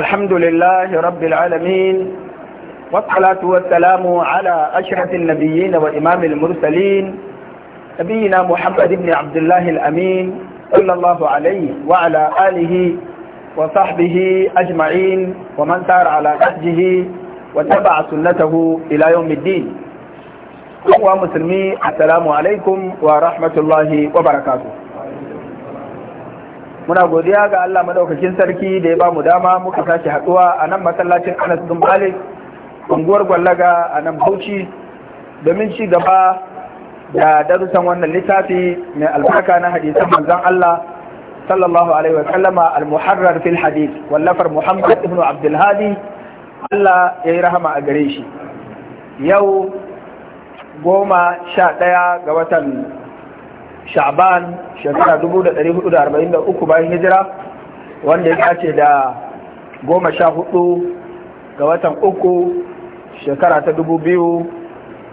الحمد لله رب العالمين والصلاة والسلام على أشرف النبيين وإمام المرسلين نبينا محمد بن عبد الله الأمين صلى الله عليه وعلى آله وصحبه أجمعين ومن سار على نهجه واتبع سنته إلى يوم الدين أخوة مسلمين السلام عليكم ورحمة الله وبركاته muna godiya ga Allah madaukakin sarki da ya ba mu dama muka tashi haduwa a nan masallacin Anas bin Malik unguwar Gwallaga a nan Bauchi domin ci gaba da darussan wannan littafi mai albarka na hadisan manzon Allah sallallahu alaihi wa sallama al-muharrar fil hadith wallafar Muhammad ibn Abdul Hadi Allah ya yi rahama a gare shi yau goma sha ɗaya ga watan sha'ban shekara 443 bayan hijira wanda ya ce da goma sha hudu ga watan uku shekara ta dubu biyu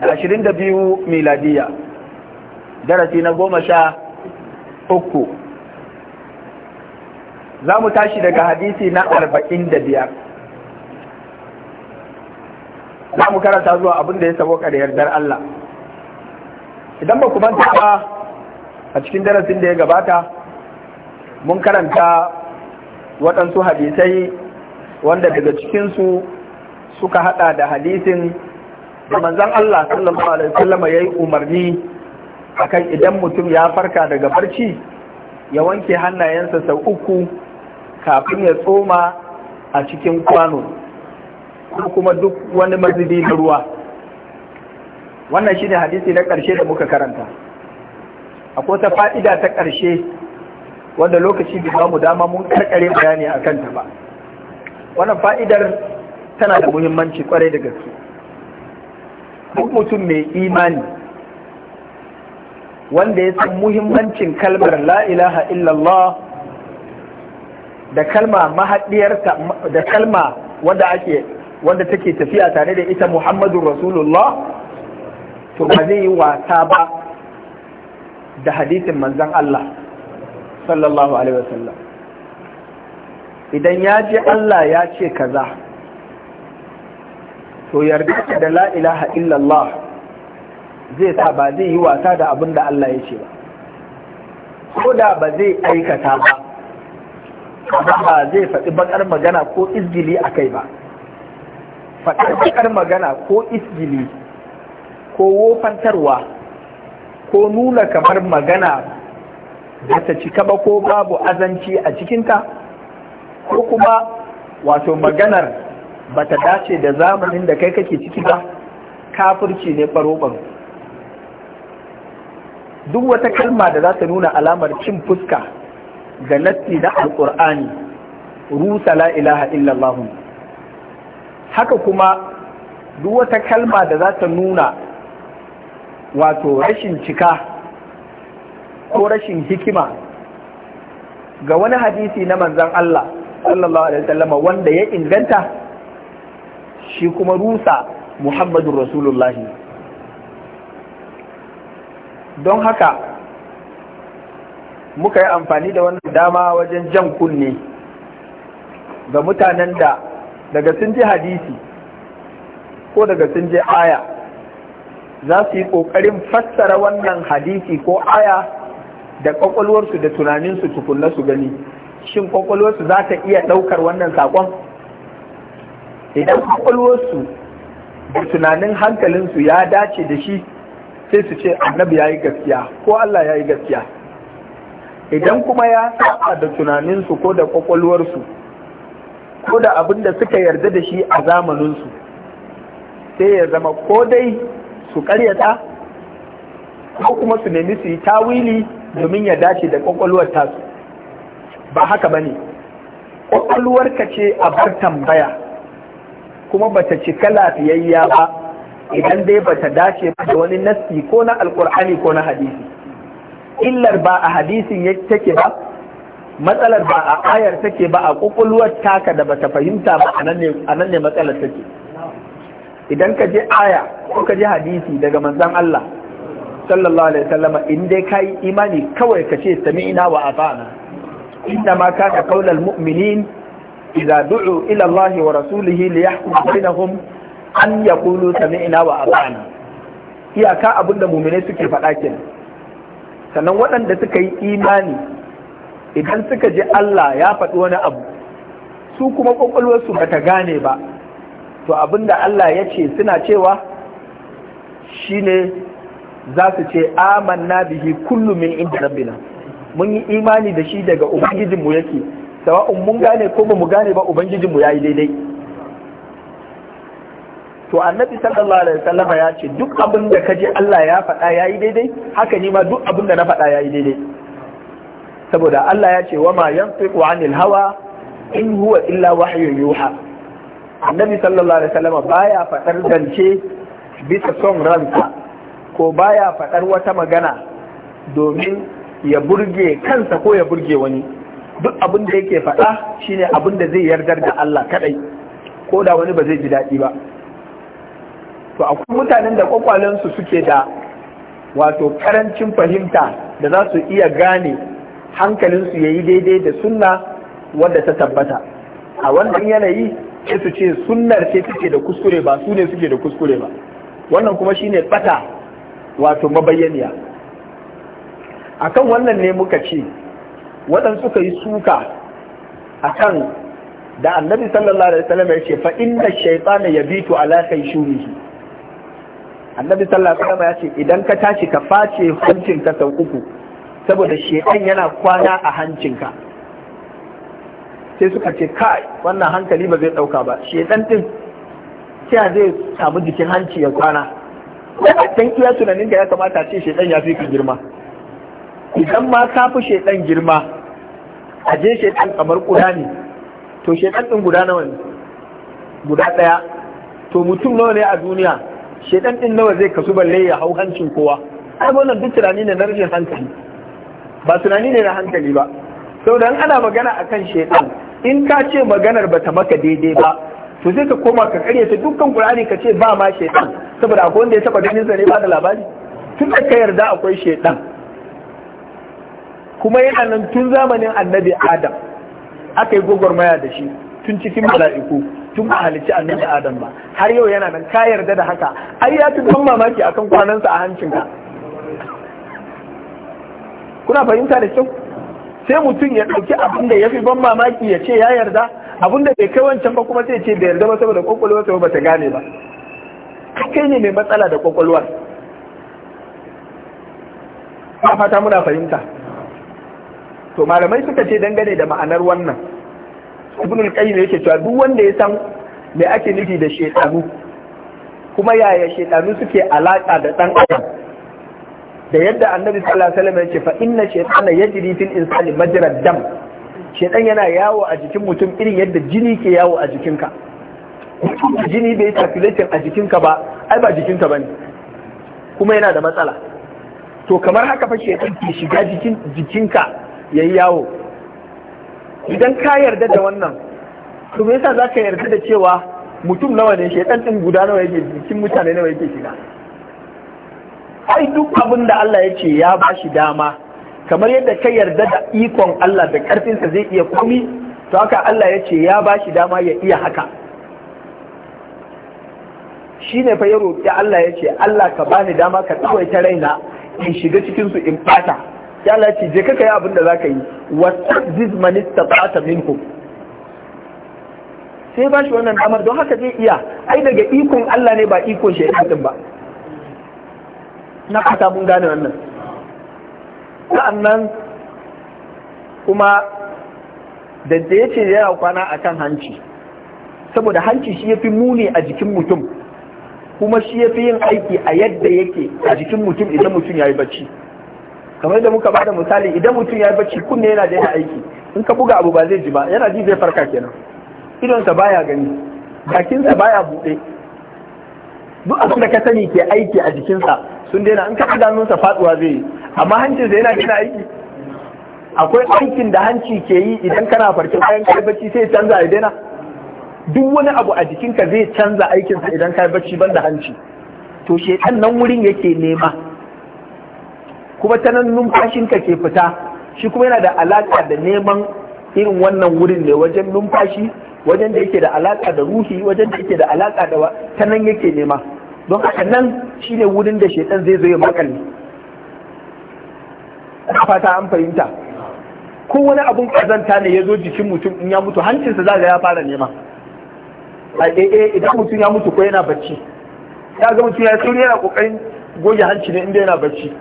da ashirin da biyu miladiya darasi na goma sha uku za mu tashi daga hadisi na arba'in da biyar za mu karanta zuwa abin da ya sabo da yardar Allah idan ba ku manta ba a cikin darasin da ya gabata mun karanta waɗansu hadisai wanda daga cikinsu suka hada da hadisin da manzan Allah sallallahu alaihi wasallam ya yi umarni akan idan mutum ya farka daga barci ya wanke hannayensa sau uku kafin ya tsoma a cikin kwano ko kuma duk wani mazidi na ruwa wannan shine hadisi na ƙarshe da muka karanta akwai wata fa'ida ta ƙarshe wanda lokaci bai mu dama mun karkare bayani a kanta ba wannan fa'idar tana da muhimmanci kwarai da gaske duk mutum mai imani wanda ya san muhimmancin kalmar la ilaha illallah da kalma mahaɗiyarta da kalma wanda ake wanda take tafiya tare da ita Muhammadu Rasulullah to ba zai yi wasa ba da hadisin manzan Allah sallallahu alaihi wasallam idan ya je Allah ya ce kaza to yarda da la ilaha illallah zai sa ba zai yi wasa da abin da Allah ya ce ba ko da ba zai aikata ba amma ba zai faɗi bakar magana ko izgili a kai ba faɗi bakar magana ko izgili ko wofantarwa ko nuna kamar magana da ta cika ba ko babu azanci a cikinta ko kuma wato maganar ba ta dace da zamanin da kai kake ciki ba kafirci ne ɓaro duk wata kalma da za ta nuna alamar cin fuska ga nassi na alƙur'ani rusa la ilaha illallah haka kuma duk wata kalma da za ta nuna wato rashin cika ko rashin hikima ga wani hadisi na manzan Allah sallallahu alaihi wasallama wanda ya inganta shi kuma rusa Muhammadu Rasulullahi don haka muka yi amfani da wannan dama wajen jan kunne ga mutanen da daga sun je hadisi ko daga sun je aya za su yi ƙoƙarin fassara wannan hadisi ko aya da ƙwaƙwalwarsu da tunaninsu tukunna su gani shin ƙwaƙwalwarsu za ta iya ɗaukar wannan saƙon idan ƙwaƙwalwarsu da tunanin hankalinsu ya dace da shi sai su ce annabi ya yi gaskiya ko Allah ya yi gaskiya idan kuma ya saba da tunaninsu ko da ƙwaƙwalwarsu ko da abin da suka yarda da shi a zamaninsu sai ya zama ko dai su karyata ko kuma su nemi su yi tawili domin ya dace da kwakwalwar tasu ba haka ba ne kwakwalwarka ce a bar tambaya kuma bata cika lafiyayya ba idan dai bata dace ba da wani nassi ko na alkur'ani ko na hadisi illar ba a hadisin ya take ba matsalar ba a ayar take ba a kwakwalwar taka da bata fahimta ba a nan ne matsalar take idan ka je aya ko ka je hadisi daga manzan Allah sallallahu alaihi wasallam in dai kai imani kawai ka ce sami'na wa ata'na inda ma ka qaulal mu'minin idza du'u ila Allah wa rasulihi li yahkum bainahum an yaqulu sami'na wa ata'na iyaka abinda mu'mine suke faɗa kenan sannan waɗanda suka yi imani idan suka je Allah ya faɗi wani abu su kuma ƙwaƙwalwarsu ba ta gane ba to abinda Allah ya ce suna cewa shine za su ce amanna bihi kullu min inda rabbina mun yi imani da shi daga ubangijinmu yake sawa'un mun gane ko ba mu gane ba ubangijinmu ya yi daidai to annabi sallallahu alaihi wasallama ya ce duk abin da kaje Allah ya faɗa ya yi daidai haka ni ma duk abin da na faɗa ya yi daidai saboda Allah ya ce wa ma yantiqu anil hawa in huwa illa wahayoyi yuha annabi sallallahu alaihi wasallam baya faɗar zance bisa son ransa ko baya faɗar wata magana domin ya burge kansa ko ya burge wani duk abin da yake faɗa shine abin da zai yardar da Allah kadai ko da wani ba zai ji daɗi ba to akwai mutanen da su suke da wato karancin fahimta da za su iya gane hankalinsu ya yi daidai da sunna wadda ta tabbata a wannan yanayi sai su ce sunnar ce take da kuskure ba su ne suke da kuskure ba wannan kuma shine bata wato mabayyaniya akan wannan ne muka ce waɗansu suka yi suka a kan da annabi sallallahu alaihi wasallam ya ce fa inna shaytana yabitu ala khayshunihi annabi sallallahu alaihi wasallam ya ce idan ka tashi ka face hancinka sau uku saboda shaytan yana kwana a hancinka sai suka ce kai wannan hankali ba zai ɗauka ba shedan din sai zai samu jikin hanci ya kwana kuma dan iya tunanin da ya kamata ce shedan ya fi ka girma idan ma ka fi shedan girma a je shedan kamar ƙuda ne to shedan din guda nawa ne guda ɗaya to mutum nawa ne a duniya shedan din nawa zai kasu balle ya hau hancin kowa ai wannan duk tunani ne na rashin hankali ba tunani ne na hankali ba saboda ana magana akan shedan in ka ce maganar bata maka daidai ba to sai ka koma ka ta dukkan qur'ani ka ce ba ma shaytan saboda akwai wanda ya taba ganin sa ne ba da labari tun da ka yarda akwai shaytan kuma yana nan tun zamanin annabi adam aka yi gwagwarmaya da shi tun cikin mala'iku tun ba halicci annabi adam ba har yau yana nan ka yarda da haka ai ya fi ban mamaki akan kwanansa a hancinka kuna fahimta da kyau sai mutum ya ɗauki abin da ya fi ban mamaki ya ce ya yarda abin da bai kai wancan ba kuma sai ce bai yarda ba saboda kwakwalwa sai ba ta gane ba kai ne mai matsala da kwakwalwa ba fata muna fahimta to malamai suka ce dangane da ma'anar wannan ibn al-qayyim yake cewa duk wanda ya san me ake nufi da shaytanu kuma yaya shaytanu suke alaka da dan adam da yadda annabi sallallahu alaihi wasallam yake fa inna shaytana yajri fil insani majra dam shaytan yana yawo a jikin mutum irin yadda jini ke yawo a jikinka jini bai circulating a jikinka ba ai ba jikinka bane kuma yana da matsala to kamar haka fa shaytan ke shiga jikin jikinka yayi yawo idan ka yarda da wannan to me yasa zaka yarda da cewa mutum nawa ne shaytan din guda nawa yake jikin mutane nawa yake shiga ai duk abin da Allah ya ce ya ba shi dama kamar yadda ka yarda da ikon Allah da ƙarfinsa zai iya komi to haka Allah ya ce ya ba shi dama ya iya haka shi ne fa ya roƙi Allah ya ce Allah ka bani dama ka ta raina in shiga cikinsu in fata ya Allah ce je kaka yi abin da za ka yi zizmanis ta fata minku sai ba shi wannan damar don haka zai iya ai daga ikon Allah ne ba ikon shaidan ba na kasa mun gane wannan sa'annan kuma da da yace yana kwana a kan hanci saboda hanci shi yafi muni a jikin mutum kuma shi yafi yin aiki a yadda yake a jikin mutum idan mutum yayi bacci kamar da muka bada misali idan mutum yayi bacci kunne yana da aiki in ka buga abu ba zai ji ba yana ji zai farka kenan idonsa baya gani bakinsa baya buɗe duk abin da ka sani ke aiki a jikinsa sun daina in ka idanunsa faduwa zai yi amma hancinsa yana gina aiki akwai aikin da hanci ke yi idan kana farke bayan kai bacci sai canza ya daina duk wani abu a jikinka zai canza aikinsa idan kai bacci ban da hanci to shekan nan wurin yake nema kuma ta nan numfashinka ke fita shi kuma yana da alaƙa da neman irin wannan wurin ne wajen numfashi wajen da yake da alaƙa da ruhi wajen da yake da alaƙa da ta nan yake nema don haka nan shine wurin da shaitan zai zo ya makale a fata an fahimta ko wani abun kazanta ne ya zo jikin mutum in ya mutu hancinsa za ya fara nema a ɗaya eh, eh, idan mutum ya mutu ko yana bacci ya ga mutum ya yana kokarin goge hanci ne inda yana bacci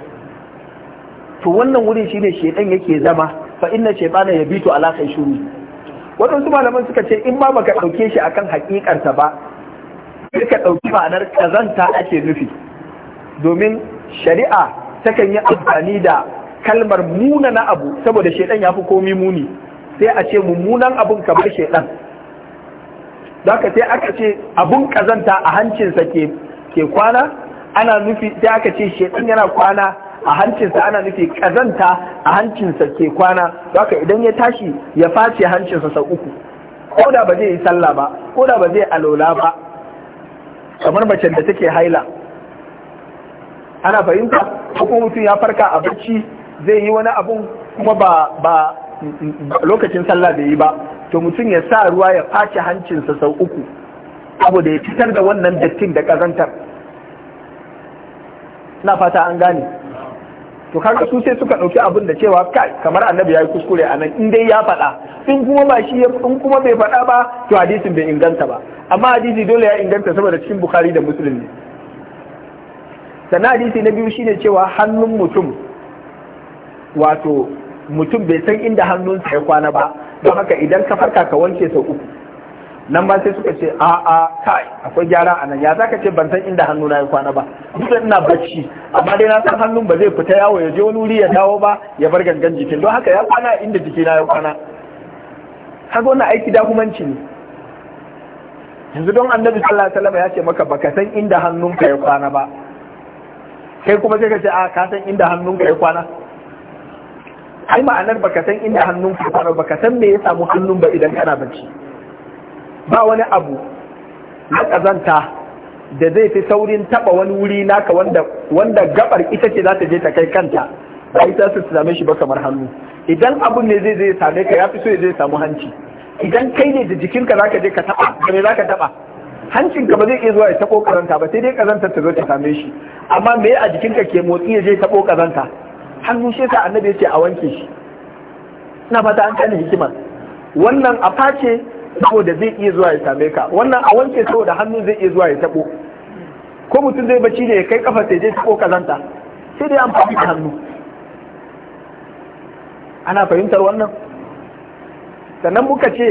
to wannan wurin shine shaitan yake zama fa ya bi to ala shuru. waɗansu malaman suka ce in ma baka ɗauke shi akan hakikarsa ba sai ka ɗauki ma'anar ƙazanta ake nufi domin shari'a takan yi amfani da kalmar muna na abu saboda shaidan ya fi komi muni sai a ce mummunan abun kamar shaidan ka sai aka ce abun ƙazanta a hancinsa ke kwana ana nufi sai aka ce shaidan yana kwana a hancinsa ana nufi Ƙazanta a hancinsa ke kwana haka idan ya tashi ya face hancinsa sau uku ko da ba zai yi sallah ba ko da ba zai alola ba kamar macen da take haila ana fahimta kuma mutum ya farka a bacci zai yi wani abun kuma ba lokacin sallah bai yi ba to mutum ya sa ruwa ya face hancinsa sau uku saboda ya fitar da wannan dattin da kazantar na fata an gane to kaga su sai suka dauki abin da cewa kai kamar annabi yayi kuskure anan in dai ya faɗa in kuma ba shi in kuma bai faɗa ba to hadisin bai inganta ba amma hadisi dole ya inganta saboda cikin bukhari da muslim ne sannan hadisi na biyu shine cewa hannun mutum wato mutum bai san inda hannunsa ya kwana ba don haka idan ka farka ka wanke sau uku nan ba sai suka ce a a kai akwai gyara a nan ya za ka ce ban san inda hannu na ya kwana ba duk da ina bacci amma dai na san hannun ba zai fita yawo ya je wani wuri ya dawo ba ya bar gangan jikin don haka ya kwana inda jikina ya kwana haka wannan aiki dakumanci ne yanzu don annabi sallallahu alaihi wasallam ya ce maka baka san inda ka ya kwana ba kai kuma sai ka ce a ka san inda ka ya kwana ai ma'anar baka san inda ka ya kwana baka san me ya samu hannun ba idan kana bacci ba wani abu na ƙazanta da zai fi saurin taɓa wani wuri naka wanda gabar ita ce za ta je ta kai kanta ba ita su same shi ba kamar hannu idan abun ne zai zai same ka ya fi so ya zai samu hanci idan kai ne da jikinka za ka je ka taɓa me za ka taɓa hancinka ba zai iya zuwa ya taɓo ƙazanta ba sai dai ƙazantar ta zo ta same shi amma me a jikinka ke motsi ya je ya taɓo ƙazanta hannu shi sa annabi ya ce a wanke shi ina fata an kani hikimar wannan a face. saboda zai iya zuwa ya same ka wannan a wanke saboda hannu zai iya zuwa ya tabo ko mutum zai bacci ne ya kai kafa sai je tabo kazanta sai dai amfani da hannu ana fahimtar wannan sannan muka ce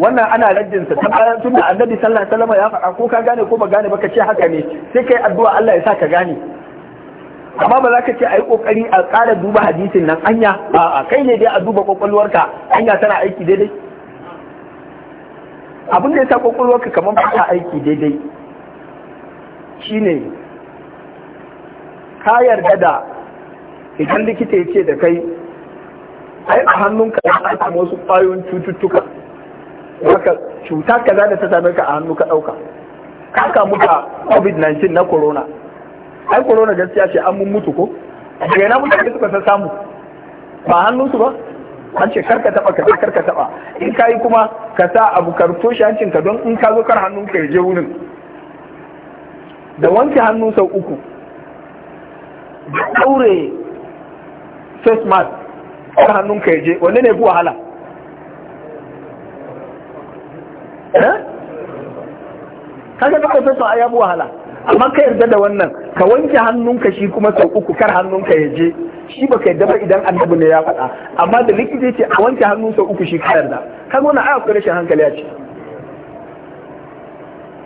wannan ana rajinsa sa ta bayan tunda annabi sallallahu alaihi wasallam ya faɗa ko ka gane ko ba gane ba ka ce haka ne sai kai addu'a Allah ya sa ka gane amma ba za ka ce a yi kokari a ƙara duba hadisin nan anya a'a kai ne dai a duba kwakwalwarka anya tana aiki daidai abin da ya sa kwakwalwarka kamar ba ta aiki daidai shine ka yarda da idan likita ya ce da kai ai a hannunka ya samu wasu ƙwayoyin cututtuka haka cuta kaza da ta same ka a hannu ka ɗauka ka kamu da covid-19 na corona ai corona gaskiya ce an mun mutu ko daga yana mutane suka san samu ba hannunsu ba an ce karka taba ka karka taba in yi kuma ka sa abu ka toshe hancin ka don in ka zo kar hannun ka je wurin da wanke hannu sau uku da daure face mask kar hannun ka je wanne ne fi wahala eh? kaga da face mask ya fi wahala amma ka yarda da wannan ka wanke hannunka shi kuma sau uku kar hannunka ya je shi baka yadda ba idan annabi ne ya faɗa amma da likita ce a wanke hannu sau uku shi ka yarda ka ga wannan aya ko rashin hankali ya ce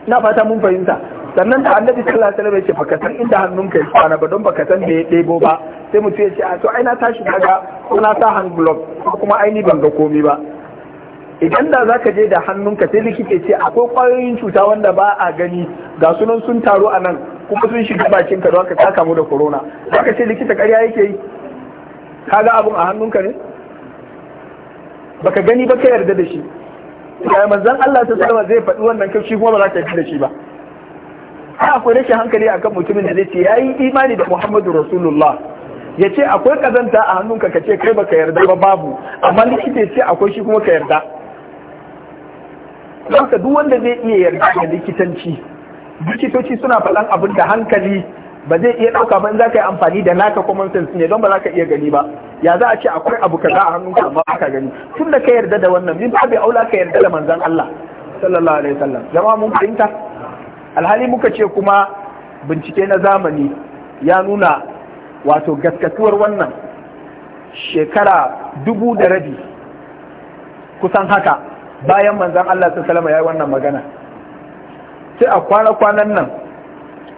na fata mun fahimta sannan da annabi sallallahu alaihi wasallam ya ce baka san inda hannunka ya kwana ba don baka san da ya ɗebo ba sai mutum ya ce a to aina tashi daga ko na sa hand glove ko kuma ai ban ga komai ba idan da za ka je da hannunka sai likita ce akwai kwayoyin cuta wanda ba a gani ga sunan sun taru a nan kuma sun shiga bakin ka don ka ka kamu da corona ka ce likita karya yake yi ka ga abun a hannunka ne baka gani ba ka yarda da shi ya manzan Allah ta sallama zai faɗi wannan kashi kuma ba za ka yarda da shi ba har akwai rashin hankali akan mutumin da zai ce yayi imani da Muhammadu Rasulullah ya ce akwai kazanta a hannunka ka ce kai baka yarda ba babu amma likita ya ce akwai shi kuma ka yarda don duk wanda zai iya yarda da likitanci likitoci suna faɗan abin da hankali ba zai iya ɗauka ba in za ka yi amfani da naka common sense ne don ba za ka iya gani ba ya za a ce akwai abu ka za a ka amma ba ka gani tun da ka yarda da wannan min babu aula ka yarda da manzon Allah sallallahu alaihi wasallam jama'a mun fahimta alhali muka ce kuma bincike na zamani ya nuna wato gaskatuwar wannan shekara dubu da rabi kusan haka bayan manzon Allah sallallahu alaihi wasallam ya yi wannan magana sai a kwana-kwanan nan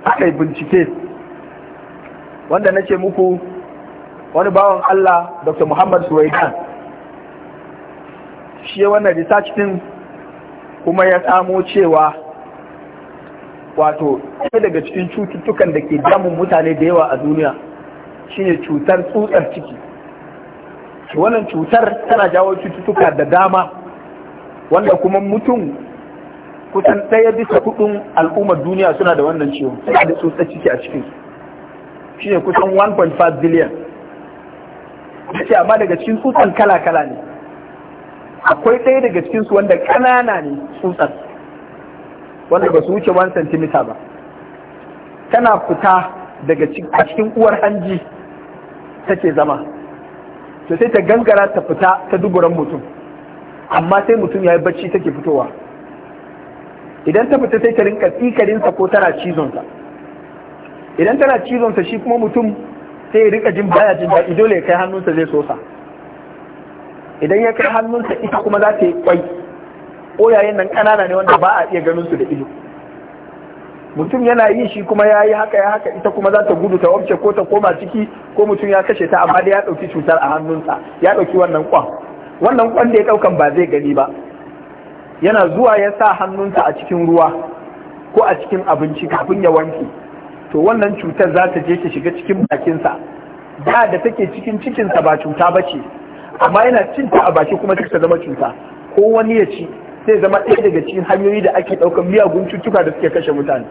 aka yi bincike wanda na ce muku wani bawan Allah Dr. Muhammad Suwaidan shi wannan research din kuma ya samo cewa wato ɗaya daga cikin cututtukan da ke damun mutane da yawa a duniya shine cutar tsutsar ciki wannan cutar tana jawo cututtuka da dama wanda kuma mutum kusan ɗaya bisa kudin al'ummar duniya suna da wannan ciwon, suna da tsotsar ciki a cikin shi ne kusan 1.5 billion ce amma daga cikin tsutsan kala-kala ne akwai ɗaya daga cikin su wanda ƙanana ne tsutsan wanda ba su wuce 1 cm ba tana fita daga cikin uwar hanji take zama to sai ta gangara ta fita ta duburan mutum amma sai mutum ya yi bacci take fitowa idan ta fita sai ta rinka tsikarinsa ko tana cizonsa idan tana cizonsa shi kuma mutum sai ya rinka jin baya jin daɗi dole ya kai hannunsa zai sosa idan ya kai hannunsa ita kuma za ta yi kwai yayin nan ƙanana ne wanda ba a iya ganin su da ido mutum yana yi shi kuma ya yi haka ya haka ita kuma za ta gudu ta wabce ko ta koma ciki ko mutum ya kashe ta amma da ya ɗauki cutar a hannunsa ya ɗauki wannan kwan wannan kwan da ya ɗaukan ba zai gani ba yana zuwa ya sa hannunsa a cikin ruwa ko a cikin abinci kafin ya wanke to wannan cutar za ta je ta shiga cikin bakinsa da da take cikin cikinsa ba cuta ba ce amma yana cinta a baki kuma ta zama cuta ko wani ya ci sai zama ɗaya daga cikin hanyoyi da ake ɗaukar miyagun cutuka da suke kashe mutane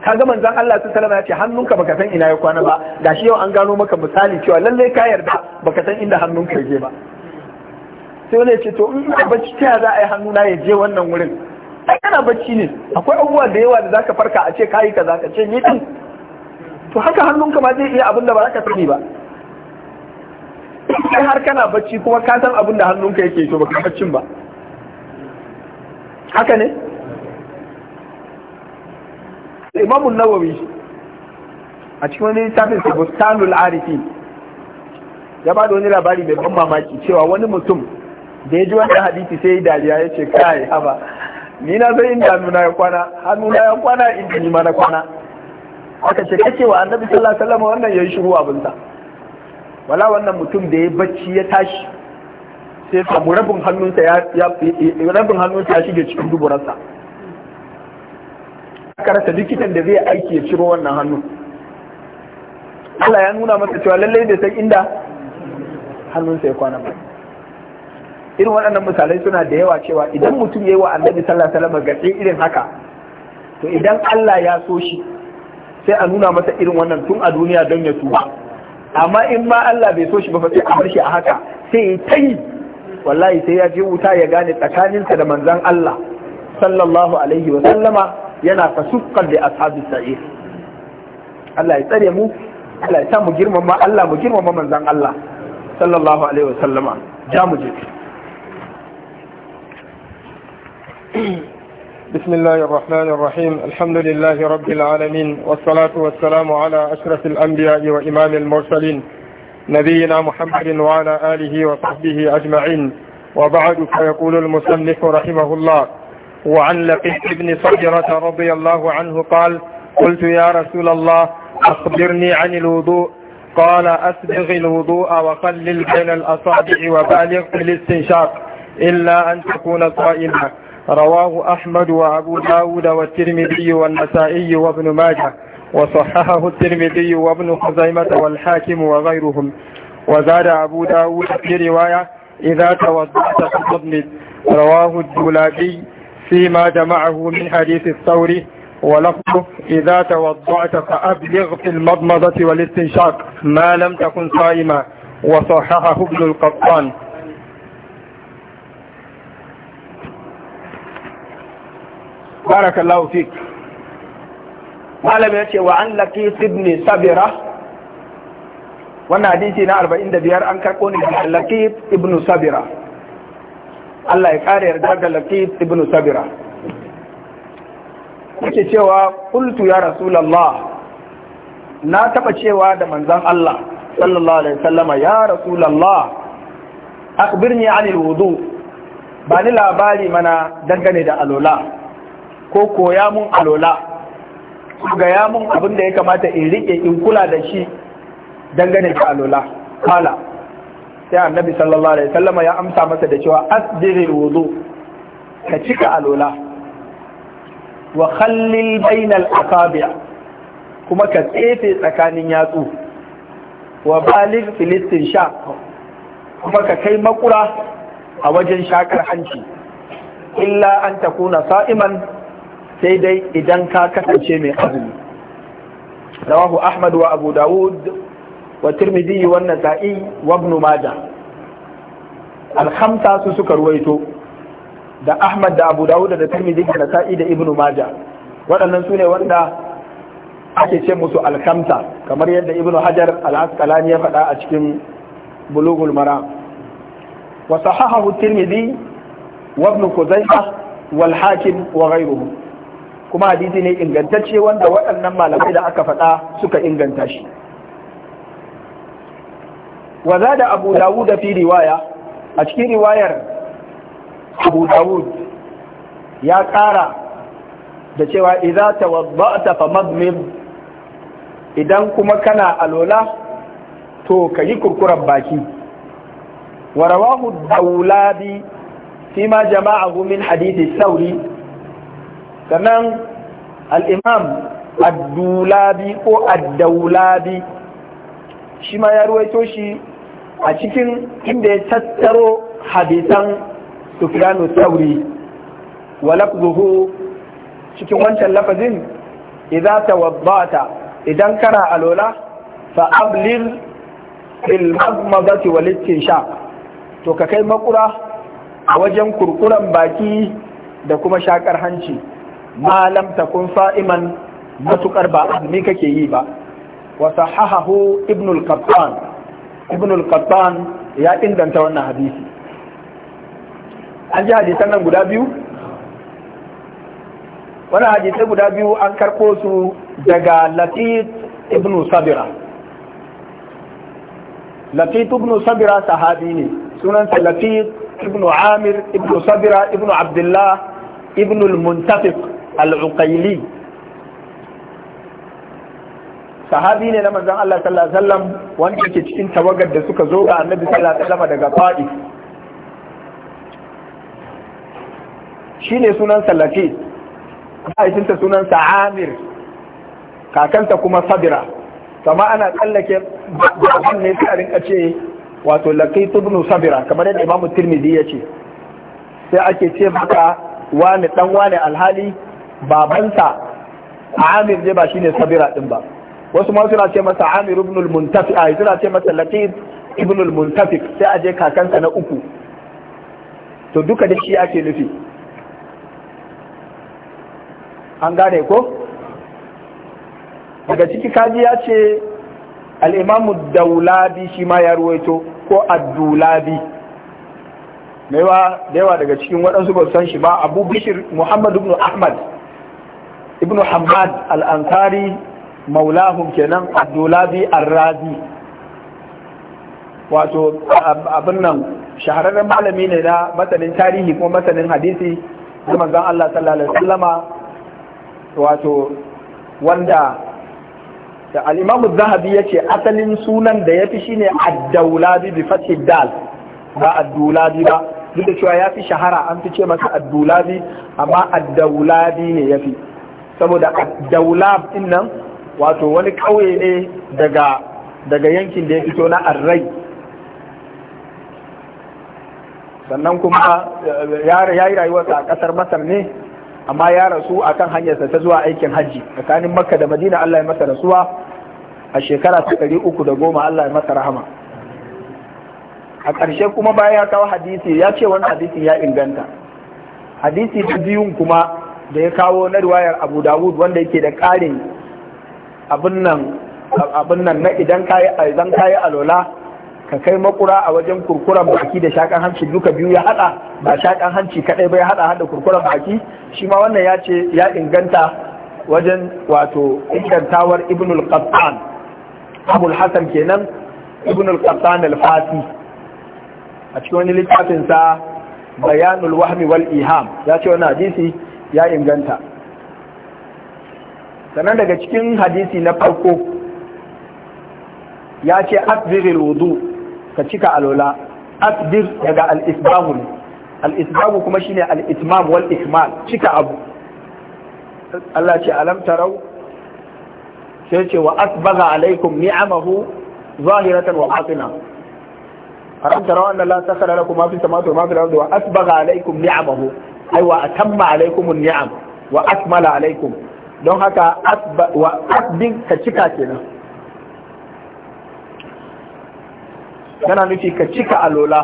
kaga manzon Allah su salama ya ce hannunka baka san ina ya kwana ba shi yau an gano maka misali cewa lallai ka yarda baka san inda hannunka ya je ba sai wani ya ce to in ina bacci ta za a yi hannuna ya je wannan wurin ai kana bacci ne akwai abubuwa da yawa da zaka farka a ce kayi kaza ka ce ni din to haka hannunka ma zai iya abin da ba za ka sani ba sai har kana bacci kuma ka san abin da hannunka yake to baka baccin ba haka ne imamu nawawi a cikin wani littafin sa bustanul arifin ya ba da wani labari mai ban mamaki cewa wani mutum da ya ji wannan hadisi sai dariya ya ce kai haba ni na zai inda nuna ya kwana hannuna ya kwana in ji mana na kwana aka ce kace wa annabi sallallahu alaihi wasallam wannan yayi shiru abin sa. wala wannan mutum da ya bacci ya tashi sai samu rabin hannunsa ya rabin hannunsa ya shige cikin duburarsa aka rasa likitan da zai aiki ya ciro wannan hannun Allah ya nuna masa cewa lallai da san inda hannunsa ya kwana ba irin waɗannan misalai suna da yawa cewa idan mutum ya yi wa annabi sallallahu alaihi wasallam gatsi irin haka to idan Allah ya so shi sai a nuna masa irin wannan tun a duniya don ya tuba amma in ma Allah bai so shi ba fa sai a bar shi a haka sai ya tayi wallahi sai ya je wuta ya gane tsakaninsa da manzon Allah sallallahu alaihi wa sallama yana fasukkar da ashabu sa'ir Allah ya tsare mu Allah ya sa mu girmama Allah mu girmama manzon Allah sallallahu alaihi wa sallama ja mu je بسم الله الرحمن الرحيم الحمد لله رب العالمين والصلاة والسلام على أشرف الأنبياء وإمام المرسلين نبينا محمد وعلى آله وصحبه أجمعين وبعد فيقول المصنف رحمه الله وعن لقيت بن صجرة رضي الله عنه قال قلت يا رسول الله أخبرني عن الوضوء قال أسبغ الوضوء وقلل بين الأصابع وبالغ في الاستنشاق إلا أن تكون صائما رواه أحمد وأبو داود والترمذي والنسائي وابن ماجه وصححه الترمذي وابن خزيمة والحاكم وغيرهم وزاد أبو داود في رواية إذا توضعت فتضمد رواه الدولابي فيما جمعه من حديث الثور ولفظه إذا توضعت فأبلغ في المضمضة والاستنشاق ما لم تكن صائما وصححه ابن القطان barakallahu fi malam ya ce wa an laki Sidni sabira wannan hadisi na 45 an karɓo ne da laqis ibn sabira Allah ya kare yarda da laki ibn sabira yake cewa kultu ya rasulullah na taba cewa da manzon Allah sallallahu alaihi wasallama ya rasulullah akhbirni anil wudu ba ni labari mana dangane da alola ko koya mun alola gaya mun abin da ya kamata in rike in kula da shi dangane da alola kala sai annabi sallallahu alaihi sallama ya amsa masa da cewa asdiril wudu ka cika alola wa khallil bainal asabi' kuma ka tsefe tsakanin yatsu wa balig filistin sha kuma ka kai makura a wajen shakar hanci illa an takuna sa'iman sai dai idan ka kasance mai azumi rawahu ahmad wa abu dawud wa tirmidhi wa nasa'i wa ibn majah al-khamsa su suka ruwaito da ahmad da abu dawud da tirmidhi da nasa'i da ibn majah waɗannan su ne wanda ake ce musu al-khamsa kamar yadda ibn hajar al-asqalani ya faɗa a cikin bulughul maram wa sahahahu tirmidhi wa ibn khuzaimah wal hakim wa ghayruhum kuma hadisi ne ingantacce wanda waɗannan malamai da aka faɗa suka inganta shi Waza da abu dawud fi riwaya a cikin riwayar abu dawud ya ƙara da cewa idza tawadda'ta famadmid idan kuma kana alola to yi kurkuran baki Warawahu rawahu fi ma jama'ahu min hadisi sauri sannan al'imam addulabi ko addaulabi shi ma ya ruwaito shi a cikin inda ya tattaro hadisan sufyanu tauri wa lafzuhu cikin wancan lafazin ta tawaddata idan kana alola fa ablil fil sha sha, to ka kai makura a wajen kurkuran baki da kuma shakar hanci ma lam takun sa'iman matukar ba azumi kake yi ba wa sahahahu Ibnul al-qattan ibn qattan ya inganta wannan hadisi an ji hadisan nan guda biyu wannan hadisai guda biyu an karko su daga latif ibn sabira latif ibn sabira sahabi ne sunansa latif ibn amir ibn sabira ibn abdullah ibn muntafiq Al'uƙaili, sahabi ne na mazan Allah sallallahu alaihi wanda yake cikin tawagar da suka zo ga annabi sallallahu alaihi wasallam daga Shi ne sunan sallaki aikinta sunan sa Amir kakanta kuma Sabira kama ana tsallake babban ne a rinka ce wato laqit ibn Sabira kamar yadda Imam Tirmidhi ya ce sai ake ce maka wani dan wani alhali babansa amir je ba shine sabira din ba wasu ma suna ce masa amir ibn al a ai suna ce masa latif ibn al muntafi sai a je kakansa na uku to duka da shi ake nufi an gane ko daga ciki kaji ya ce al'imamu daulabi shi ma ya ruwaito ko addulabi da yawa daga cikin waɗansu ba san shi ba abu bishir muhammadu ibn ahmad ibn hamad al-ansari maulahum kenan abdulabi ar-razi wato abin nan shahararren malami ne na masanin tarihi kuma masanin hadisi da manzon Allah sallallahu alaihi wasallama wato wanda da al-Imam zahabi ce asalin sunan da yafi shine ad-Dawlabi bi fathi dal ba ad ba duk da cewa yafi shahara an fi ce masa ad amma ad-Dawlabi ne yafi saboda daulab din nan wato wani ƙauye ne daga yankin da ya fito na arrai sannan kuma eh, ya yi rayuwarsa a kasar masar ne amma ya rasu a akan hanyarsa ta zuwa aikin hajji tsakanin makka da madina allah ya masa rasuwa a shekara ta ɗari uku da goma allah ya masa rahama a ƙarshe kuma bayan ya kawo hadisi ya ce wani hadisi ya inganta hadisi ta biyun kuma da ya kawo na riwayar abu dawud wanda yake da karin abin nan na idan kayi alola ka kai makura a wajen kurkuren baki da shakan hanci duka biyu ya hada ba shakan hanci kaɗai ba ya hada hada kurkuren baki shi ma wannan ya ce ya inganta wajen wato ingantawar ibnul qattan abul hasan kenan ibnul qattan al-fati a cikin wani littafinsa sa bayanul wahmi wal iham ya ce wannan hadisi ya inganta sannan daga cikin hadisi na farko ya ce asbiril wudu ka cika alola asbir daga al'isbahun, al'isbahun ne kuma shine ne itmam wal ikmal cika abu Allah ce alam tarau sai ce wa asbagha alaikum ni'amahu zahiratan wa batina alam tarau anna la sakhara lakum kuma fi samatu ma fi da wa asbagha alaikum ni'amahu aiwa a tamma alaikum ni'am wa akmala alaikum don haka wa asbin ka cika kenan yana nufi ka cika alola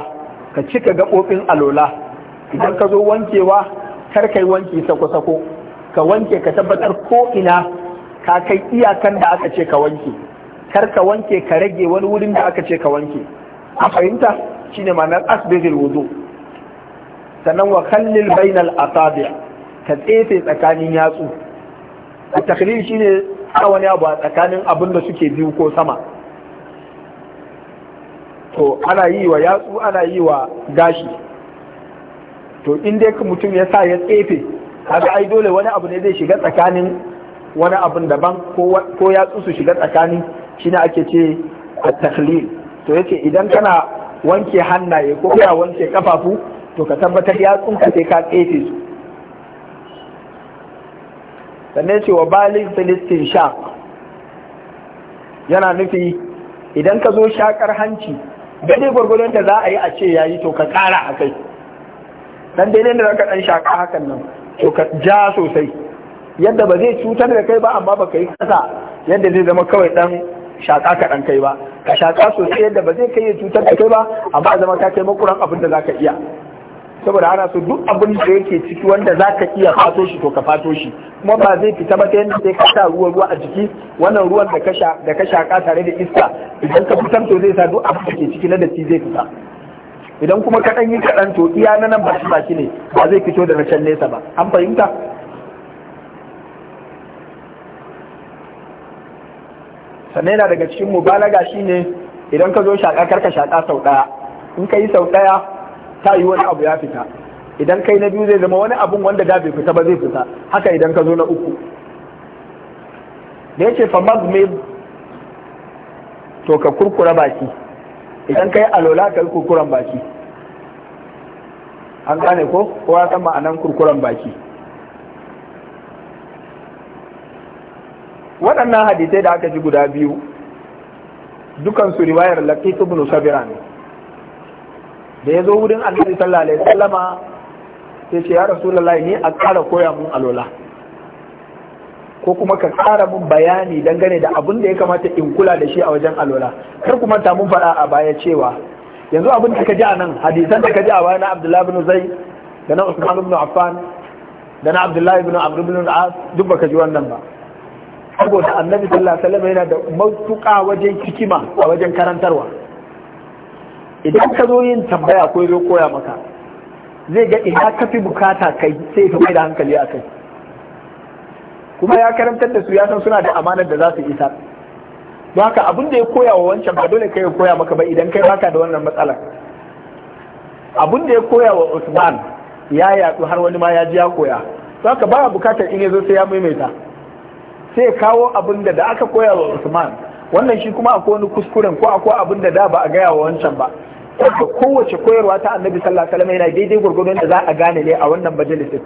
ka cika gaɓoɓin alola idan ka zo wankewa kar kai wanki sako-sako ka wanke ka tabbatar ko ina ka kai iyakan da aka ce ka wanke kar ka wanke ka rage wani wurin da aka ce ka wanke a fahimta shine ma'anar asbigil wudu sannan wa khallil bainal asabi ka tsefe tsakanin yatsu a takhlil shine wani abu a tsakanin abin da suke biyu ko sama to ana yi wa yatsu ana yi wa gashi to in dai mutum ya sa ya tsefe kaga ai dole wani abu ne zai shiga tsakanin wani abin daban ko yatsu su shiga tsakanin shine ake ce a takhlil to yake idan kana wanke hannaye ko kana wanke kafafu to ka tabbatar ya tsunka sai ka tsefe su sannan cewa balin filistin shaq yana nufi idan ka zo shakar hanci gani gwargwadon da za a yi a ce yayi to ka kara a kai dan daidai da zaka dan shaka hakan nan to ka ja sosai yadda ba zai cutar da kai ba amma ba ka yi kasa yadda zai zama kawai dan shaka ka dan kai ba ka shaka sosai yadda ba zai kai ya cutar da kai ba amma zama ka kai makuran abin da zaka iya saboda ana so duk abin da yake ciki wanda za ka iya fato shi to ka fato shi kuma ba zai fita ba ta yadda sai ka sa ruwa ruwa a jiki wannan ruwan da ka sha tare da iska idan ka fitar to zai sa duk abin da ke ciki na datti zai fita idan kuma ka yi kaɗan to iya na nan baki baki ne ba zai fito da na can nesa ba an fahimta sannan yana daga cikin mubalaga shine idan ka zo shaƙa karka shaƙa sau ɗaya in ka yi sau ɗaya ta yi wani abu ya fita idan kai na biyu zai zama wani abun wanda da bai fita ba zai fita haka idan ka zo na uku da yace fa magmid to ka kurkura baki idan kai alola ka kurkuran baki an gane ko kowa san ma'anan kurkuran baki waɗannan hadisai da aka ji guda biyu dukansu riwayar laqit ibn sabira ne da ya zo wurin annabi sallallahu alaihi wasallama sai ce ya rasulullahi ne a kara koya mun alola ko kuma ka kara mun bayani dangane da abin da ya kamata in kula da shi a wajen alola kar kuma ta mun faɗa a baya cewa yanzu abin da ka ji a nan hadisan da ka ji a baya na abdullahi ibn zai da na usman ibn affan da na abdullahi ibn amr ibn al-as duk baka ji wannan ba saboda annabi sallallahu alaihi wasallam yana da matuƙa wajen hikima a wajen karantarwa idan ka zo yin tambaya ko zo koya maka zai ga ina ka fi bukata kai sai ka mai da hankali a kai kuma ya karantar da su ya san suna da amanar da za su isa don haka abin da ya koya wa wancan ba dole kai ya koya maka ba idan kai baka da wannan matsalar abin da ya koya wa Usman ya yatsu har wani ma ya ji ya koya don haka baya bukatar in ya zo sai ya maimaita sai ya kawo abin da da aka koya wa Usman wannan shi kuma akwai wani kuskuren ko akwai abin da da ba a gaya wa wancan ba wanda kowace koyarwa ta annabi sallallahu alaihi wasallam yana daidai gurgurdon da za a gane ne a wannan majalisin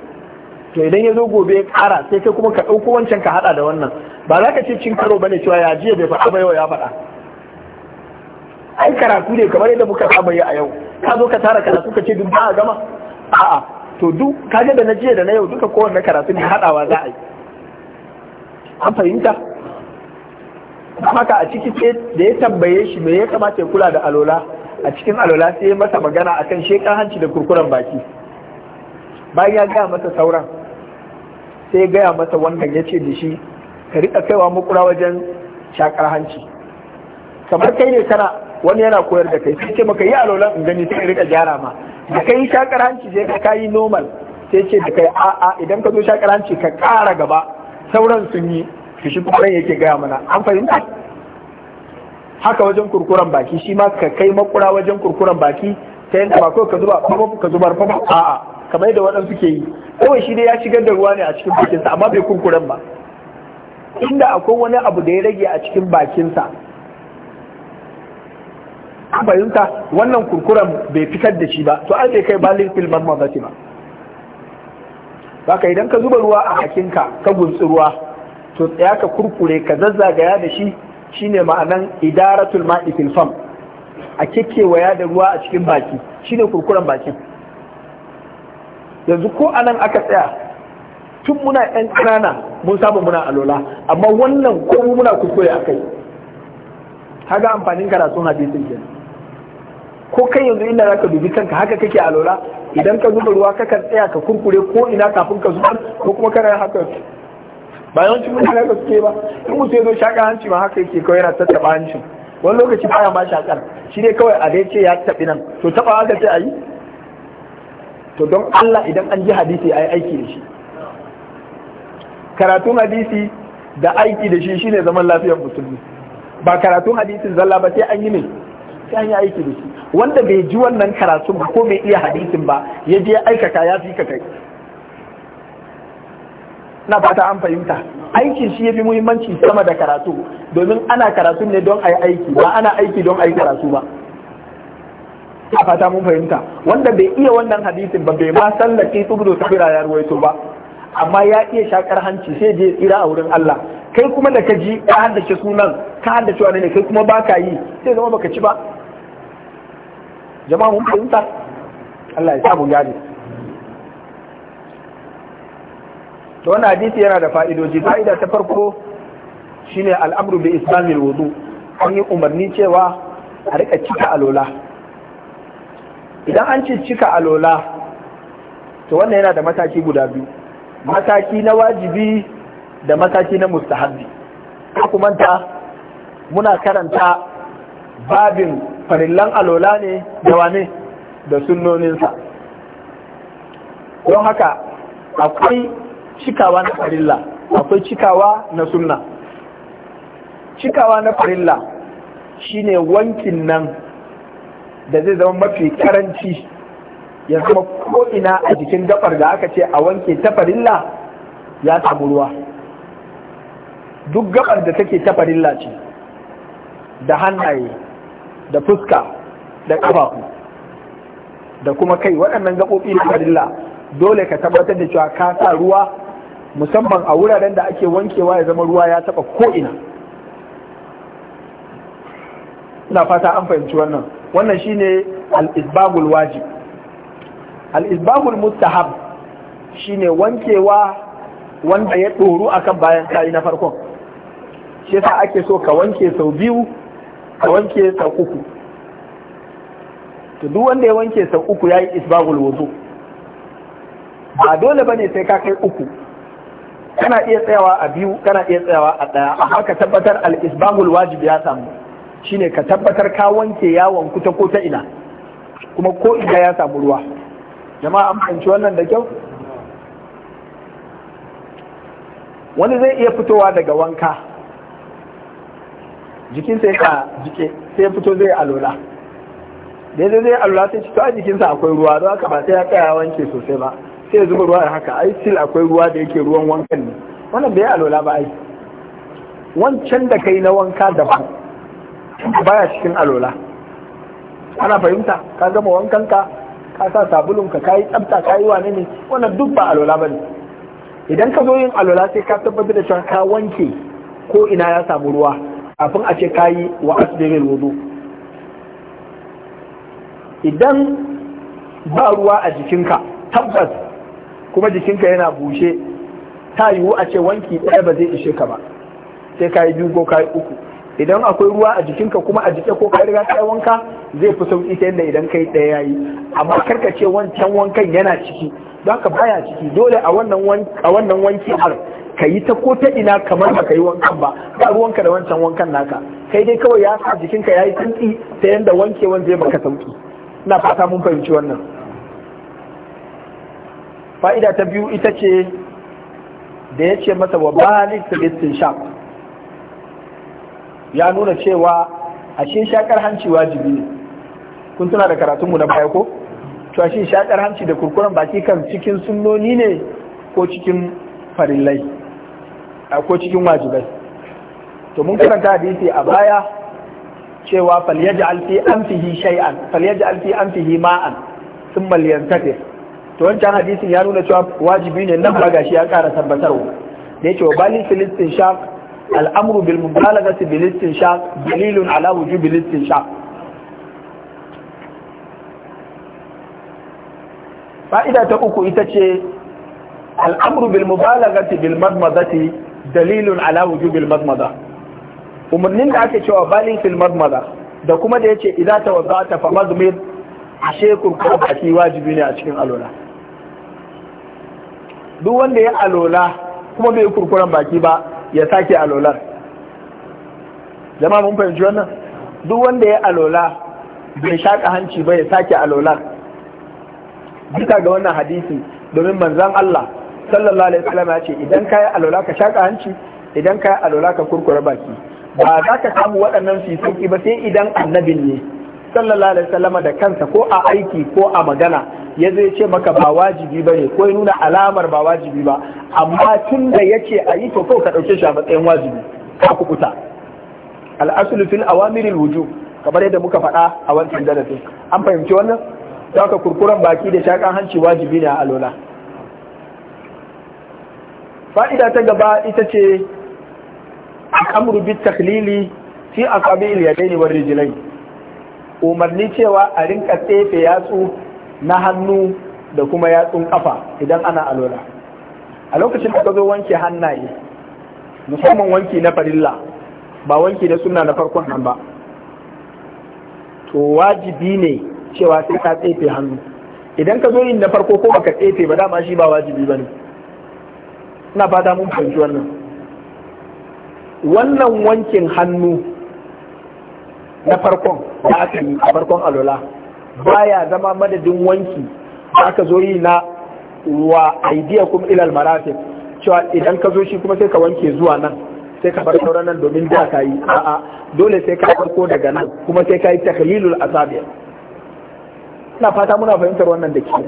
to idan ya zo gobe ya kara sai kai kuma ka ɗauko wancan ka haɗa da wannan ba za ka ce cin karo bane cewa ya jiya bai faɗa ba yau ya faɗa ai karatu ne kamar yadda muka saba yi a yau ka zo ka tara karatu ka ce duk ba a gama a'a to duk ga da na jiya da na yau duka kowanne karatu ne haɗawa za a yi an fahimta haka a ciki da ya tambaye shi me ya kamata ya kula da alola a cikin alwala sai ya masa magana akan shekan hanci da kurkuren baki bayan ya gaya masa sauran sai ya gaya masa wannan ya ce da shi ka riƙa kaiwa makura wajen shakar hanci kamar kai ne kana wani yana koyar da kai sai ce maka yi alwala in gani sai riƙa gyara ma da kai shakar hanci sai ka kayi normal sai ce da kai a'a idan ka zo shakar hanci ka ƙara gaba sauran sun yi shi kuma yake gaya mana an fahimta haka wajen kurkuren baki shi ma ka kai makura wajen kurkuren baki ta yadda ba kawai ka zuba fafa ka zubar fafa a'a kamar yadda waɗansu ke yi kawai shi dai ya shigar da ruwa ne a cikin bakinsa amma bai kurkuren ba inda akwai wani abu da ya rage a cikin bakinsa fahimta wannan kurkuren bai fitar da shi ba to an kai balin filman ma ba baka idan ka zuba ruwa a hakinka ka guntsi ruwa to tsaya ka kurkure ka zazzagaya da shi shine ma'anan idaratul ma'i fil fam a kekkewaya da ruwa a cikin baki shine kurkuren bakin yanzu ko anan aka tsaya tun muna yan ƙanana mun samu muna alola amma wannan ko muna kuskure a kai haga amfanin karatun hadisin kenan ko kai yanzu inda zaka dubi kanka haka kake alola idan ka zuba ruwa kakan tsaya ka kurkure ko ina kafin ka zuba ko kuma kana haka ba yawancin mutane ka suke ba in mutu ya zo shaƙa hanci ma haka yake kawai yana tattaɓa hancin wani lokaci baya ma shakar shi ne kawai a dai ce ya taɓi nan to taɓa haka ce a yi to don Allah idan an ji hadisi a yi aiki da shi karatun hadisi da aiki da shi shi ne zaman lafiyar musulmi ba karatun hadisin zalla ba sai an yi ne sai an yi aiki da shi wanda bai ji wannan karatun ba ko bai iya hadisin ba ya je aikata ya fi ka kai na fata an fahimta aikin shi yafi muhimmanci sama da karatu domin ana karatu ne don a yi aiki ba ana aiki don a yi karatu ba a fata mun fahimta wanda bai iya wannan hadisin ba bai ma sallake tsubudu tafira ya ruwaito ba amma ya iya shakar hanci sai je tsira a wurin Allah kai kuma da ka ji ka haddace sunan ka haddace wani ne kai kuma baka yi sai zama baka ci ba jama'a mun fahimta Allah ya sa mu gane to wannan hadisi yana da fa'idoji fa'ida ta farko shine al'amru bi islamil wudu an yi umarni cewa a rika cika alola idan an ce cika alola to wannan yana da mataki guda biyu mataki na wajibi da mataki na mustahabbi kuma ta muna karanta babin farillan alola ne da wane da sunnoninsa don haka akwai cikawa na farilla akwai cikawa na sunna cikawa na farilla shine wankin nan da zai zama mafi karanci ya zama ko'ina a jikin gabar da aka ce a wanke ta farilla ya samu ruwa duk gabar da take ta farilla ce da hannaye da fuska da ƙafafu da kuma kai waɗannan gaɓoɓi na farilla dole ka tabbatar da cewa ka sa ruwa musamman a wuraren da ake wankewa ya zama ruwa ya taba ko'ina ina fata an fahimci wannan wannan shine al-isbahul wajib al-isbahul mustahab shine wankewa wanda ya ɗoru akan bayan kayi na farkon shi yasa ake so ka wanke sau biyu ka wanke sau uku to duk wanda ya wanke sau uku yayi isbabul wudu ba dole bane sai ka kai uku kana iya tsayawa a biyu kana iya tsayawa a ɗaya amma ka tabbatar al-isbahul wajib ya samu shine ka tabbatar ka wanke yawon kuta ko ta ina kuma ko ina ya samu ruwa jama'a an fahimci wannan da kyau wani zai iya fitowa daga wanka jikinsa ya jike sai fito zai alola da zai zai alola sai ci to a jikinsa akwai ruwa don haka ba sai ya tsaya wanke sosai ba sai zuba ruwa haka ai sil akwai ruwa da yake ruwan wankan ne wannan bai alola ba ai wancan da kai na wanka da ba baya cikin alola ana fahimta ka gama wankan ka ka sa sabulun ka kai tsafta kai wane ne wannan duk ba alola bane idan ka zo yin alola sai ka tabbatar da cewa ka wanke ko ina ya samu ruwa kafin a ce kayi wa asbiril wudu idan ba ruwa a jikinka tabbas kuma jikinka yana bushe ta yiwu a ce wanki ɗaya ba zai ishe ka ba sai ka yi biyu ko ka yi uku idan akwai ruwa a jikinka kuma a jike ko ka riga ka wanka zai fi sauki ta yadda idan kai ɗaya yayi amma karka ce wancan wankan yana ciki don ka baya ciki dole a wannan wanki har ka yi ta ko ta ina kamar ba ka yi wankan ba ba ruwanka da wancan wankan naka kai dai kawai ya sa jikinka ya yi ta yadda wankewan zai baka sauki ina fata mun fahimci wannan fa'ida ta biyu ita ce da ya ce masa wa balik ta shaq ya nuna cewa a shi shakar hanci wajibi ne kun tuna da karatunmu na baya ko to shi shakar hanci da kurkuren baki kan cikin sunnoni ne ko cikin farillai ko cikin wajibai to mun karanta hadisi a baya cewa falyaji, alfi amfihi shay'an falyaji fi amfihi ma'an thumma liyantatir to wancan hadisin ya nuna cewa wajibi ne nan ba gashi ya ƙara tabbatarwa da yake wa bali filistin shaq al'amru bil mubalaghati bil istinshaq dalilun ala wujubi bil istinshaq fa'ida ta uku ita ce al'amru bil mubalaghati bil madmadati dalilun ala wujubi al madmada umarnin da ake cewa bali fil madmada da kuma da yace idza ta fa madmid ashe kurkura baki wajibi ne a cikin alwala duk wanda ya alola kuma bai kurkuren baki ba ya sake alolar jama'a mun fahimci wannan duk wanda ya alola bai shaƙa hanci ba ya sake alolar duka ga wannan hadisi domin manzan Allah sallallahu alaihi wasallam ya ce idan ka yi alola ka shaƙa hanci idan ka yi alola ka kurkure baki ba za ka samu waɗannan su ba sai idan annabin ne sallallahu alaihi wasallam da kansa ko a aiki ko a magana ya zai ce maka ba wajibi ba ne ko nuna alamar ba wajibi ba amma tun da ya ce a yi to kawai ka ɗauke shi a matsayin wajibi ka kukuta al'asulu fil awamirin wuju kamar yadda muka faɗa a wancan darasin an fahimci wannan za ka kurkuren baki da shakan hanci wajibi ne a alola fa'ida ta gaba ita ce al'amru bit taklili fi asabi umarni cewa a rinka tsefe yatsu na hannu da kuma yatsun kafa idan ana alola a lokacin da ka zo wanke hannaye musamman wanki na farilla ba wanki na suna na farkon nan ba to wajibi ne cewa sai ka tsefe hannu idan ka zo yin na farko ko baka tsefe ba dama shi ba wajibi ba ne ina fata mun fahimci wannan wannan wankin hannu na farkon da aka yi a farkon alola baya zama madadin wanki aka zo yi na wa aidiya kuma ilal marafin? cewa idan ka zo shi kuma sai ka wanke zuwa nan sai ka bar sauran nan domin da ka yi a'a dole sai ka farko daga nan kuma sai ka yi tahlilul asabi ina fata muna fahimtar wannan da ke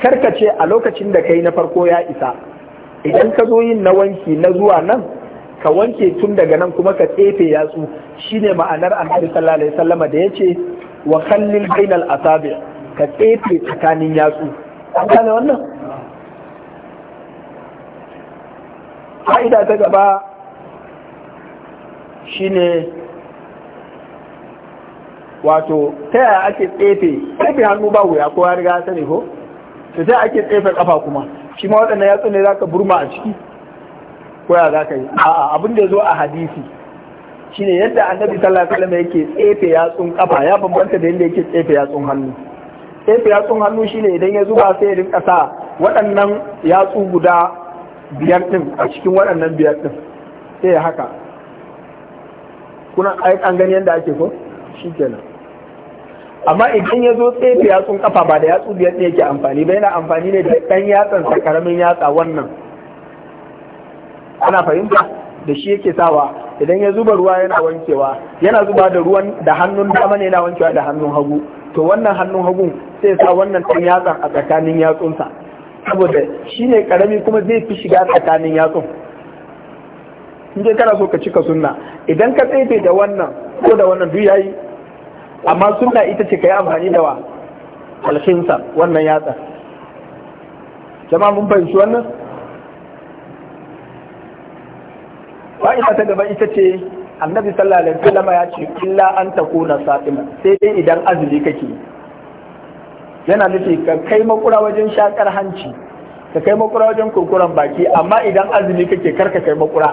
karkace a lokacin da kai na farko ya isa idan ka zo yin na wanki na zuwa nan ka wanke tun daga nan kuma ka tsefe yatsu shine ma'anar annabi sallallahu alaihi wasallam da yace wa khallil bainal asabi ka tsefe tsakanin yatsu an gane wannan fa'ida ta gaba shine wato ta yaya ake tsefe tsefe hannu ba wuya ko ya riga sani ko to ta ake tsefe kafa kuma shi ma waɗannan yatsu ne zaka burma a ciki ko ya zaka yi a'a abin da zo a hadisi shine yadda annabi sallallahu alaihi wasallam yake tsefe yatsun kafa ya bambanta da yadda yake tsefe yatsun hannu tsefe yatsun hannu shine idan ya zuba sai ya rinka sa waɗannan yatsu guda biyar din a cikin waɗannan biyar din sai haka kuna ai an gani yadda ake ko shikenan amma idan ya zo tsefe yatsun kafa ba da yatsu biyar ne yake amfani ba yana amfani ne da ɗan yatsan sa karamin yatsa wannan ana fahimta da shi yake sawa idan ya zuba ruwa yana wankewa yana zuba da ruwan da hannun dama ne yana wankewa da hannun hagu to wannan hannun hagun sai sa wannan ɗan yatsan a tsakanin yatsunsa saboda shi ne karami kuma zai fi shiga tsakanin yatsun in je kana so ka cika sunna idan ka tsefe da wannan ko da wannan duk yayi amma sunna ita ce ka yi amfani da wa alhinsa wannan yatsa jama'a mun fahimci wannan fa'ida ta gaba ita ce annabi sallallahu alaihi wasallam ya ce illa an takuna sa'ima sai dai idan azumi kake yana nufi ka kai makura wajen shakar hanci ka kai makura wajen kurkuran baki amma idan azumi kake karka kai makura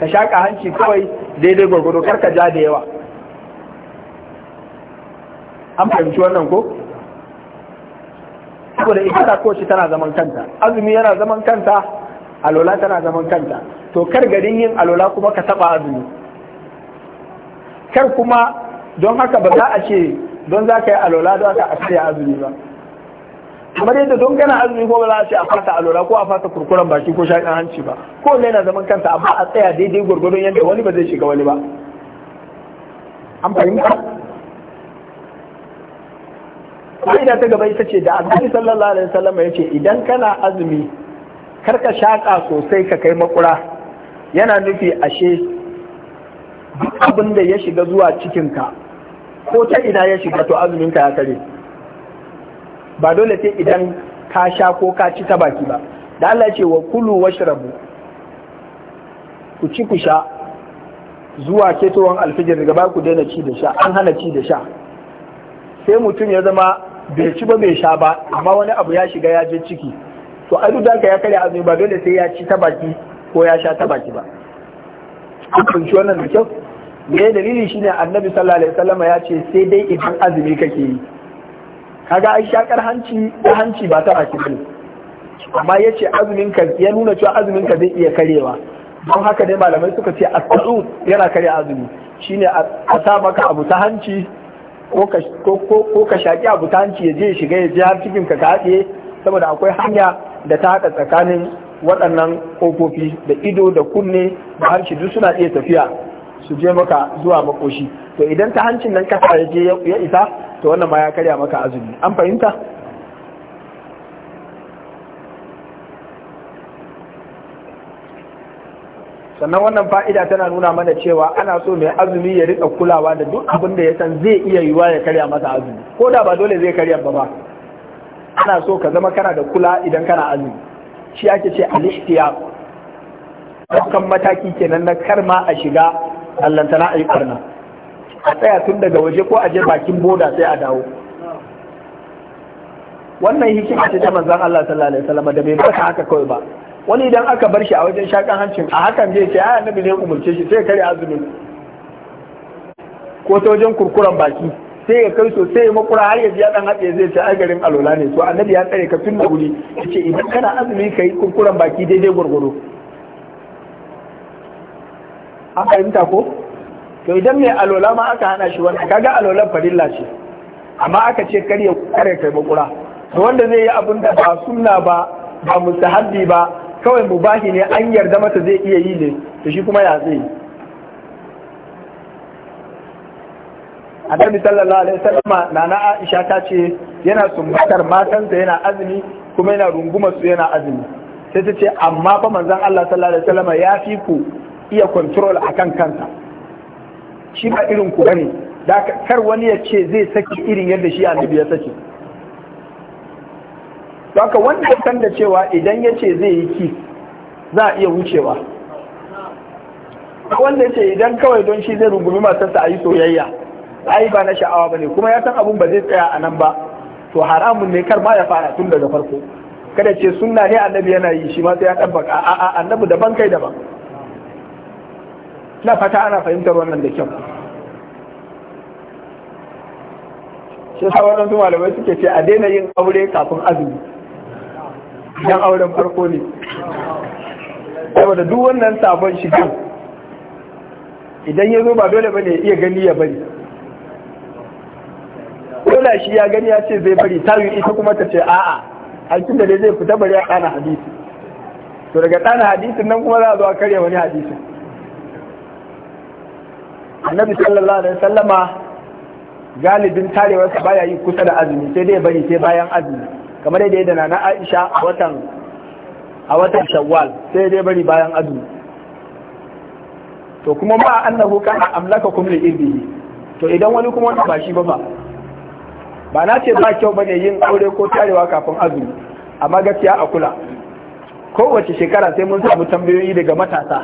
ka shaka hanci kawai daidai gwagwado karka ja da yawa an fahimci wannan ko saboda ita ta kowace tana zaman kanta azumi yana zaman kanta alola tana zaman kanta to kar garin yin alola kuma ka taɓa azumi kar kuma don haka ba za a ce don za ka yi alola don haka a sai azumi ba kamar yadda don gana azumi ko ba za a ce a fata alola ko a fata kurkuren baki ko shaƙin hanci ba ko ne na zaman kanta amma a tsaya daidai gwargwadon yadda wani ba zai shiga wani ba an fahimta ƙa'ida ta gaba ita ce da annabi sallallahu alaihi wasallam ya ce idan kana azumi karka shaƙa sosai ka kai makura yana nufi ashe duk abin da ya shiga zuwa cikinka ko ta ina ya shiga to azuminka ya kare ba dole sai idan ka sha ko ka ci ta baki ba da Allah ce wa kulu shirabu ku ci ku sha zuwa ketowar alfijir daga ba ku daina ci da sha an hana ci da sha sai mutum ya zama bai ci ba bai sha ba amma wani abu ya shiga ya je ciki to ai duk ya kare azumi ba dole sai ya ci ta baki ko ya sha ta baki ba an kunshi wannan da kyau me dalili shine annabi sallallahu alaihi wasallam ya ce sai dai idan azumi kake yi kaga ai shakar hanci ko hanci ba ta baki ba. amma ya ce azumin ka ya nuna cewa azumin ka zai iya karewa don haka dai malamai suka ce a tsaro yana karya azumi shine a sa maka abu ta hanci ko ka shaƙi abu ta hanci ya je shiga ya je har cikin ka haɗe saboda akwai hanya da ta haɗa tsakanin waɗannan ƙofofi da ido da kunne da harshe duk suna iya tafiya su je maka zuwa makoshi to idan ta hancin nan kasa ya je ya isa to wannan ma ya karya maka azumi an fahimta sannan wannan fa'ida tana nuna mana cewa ana so mai azumi ya rika kulawa da duk abin da ya san zai iya yiwuwa ya karya masa azumi ko da ba dole zai karya ba ba ana so ka zama kana da kula idan kana azumi shi ake ce al-ihtiyar mataki kenan na karma a shiga allantana a yi barna a tsaya tun daga waje ko a je bakin boda sai a dawo wannan hikima ce ta zan Allah sallallahu alaihi wasallam da bai baka haka kawai ba wani idan aka bar shi a wajen shakan hancin a hakan zai ce ai annabi ne umurce shi sai kare azumin ko ta wajen kurkuran baki sai ya kai sosai makura har ya ji dan haɗe zai ce ai garin alola ne to annabi ya tsare ka tun da wuri yace idan kana azumi kai kunkuran baki daidai gurguru an fahimta ko to idan mai alola ma aka hana shi wannan kaga alolan farilla ce amma aka ce kar ya kare kai makura to wanda zai yi abin da ba sunna ba ba mustahabbi ba kawai mubahi ne an yarda mata zai iya yi ne to shi kuma ya zai annabi sallallahu alaihi wasallam nana Aisha ta ce yana sumbatar matansa yana azumi kuma yana runguma su yana azumi sai ta ce amma fa manzon Allah sallallahu alaihi wasallam ya fi ku iya control akan kansa shi ba irin ku bane da kar wani ya ce zai saki irin yadda shi annabi ya saki haka wanda ya san da cewa idan ya ce zai yi ki za a iya wucewa wanda ya ce idan kawai don shi zai rungumi matarsa a yi soyayya ai ba na sha'awa bane kuma ya san abun ba zai tsaya a nan ba to haramun ne kar ma ya fara tun daga farko kada ce sunna ne annabi yana yi shi ma sai ya tabbaka a a annabi daban kai daban ina fata ana fahimtar wannan da kyau shi sa wannan su malamai suke ce a daina yin aure kafin azumi dan auren farko ne saboda duk wannan sabon shigan idan ya zo ba dole bane ya iya gani ya bari ko shi ya gani ya ce zai bari ta ita kuma ta ce a'a alkin da dai zai fita bari a ɗana hadisi to daga ɗana hadisin nan kuma za a zo a karya wani hadisin annabi sallallahu alaihi sallama galibin tarewarsa baya yi kusa da azumi sai dai bari sai bayan azumi kamar yadda ya dana na aisha a watan a watan shawwal sai dai bari bayan azumi to kuma ma annahu kana amlaka kum li to idan wani kuma wani ba shi ba ba ba na ce ba kyau bane yin aure ko tarewa kafin azumi amma gaskiya a kula kowace shekara sai mun samu tambayoyi daga matasa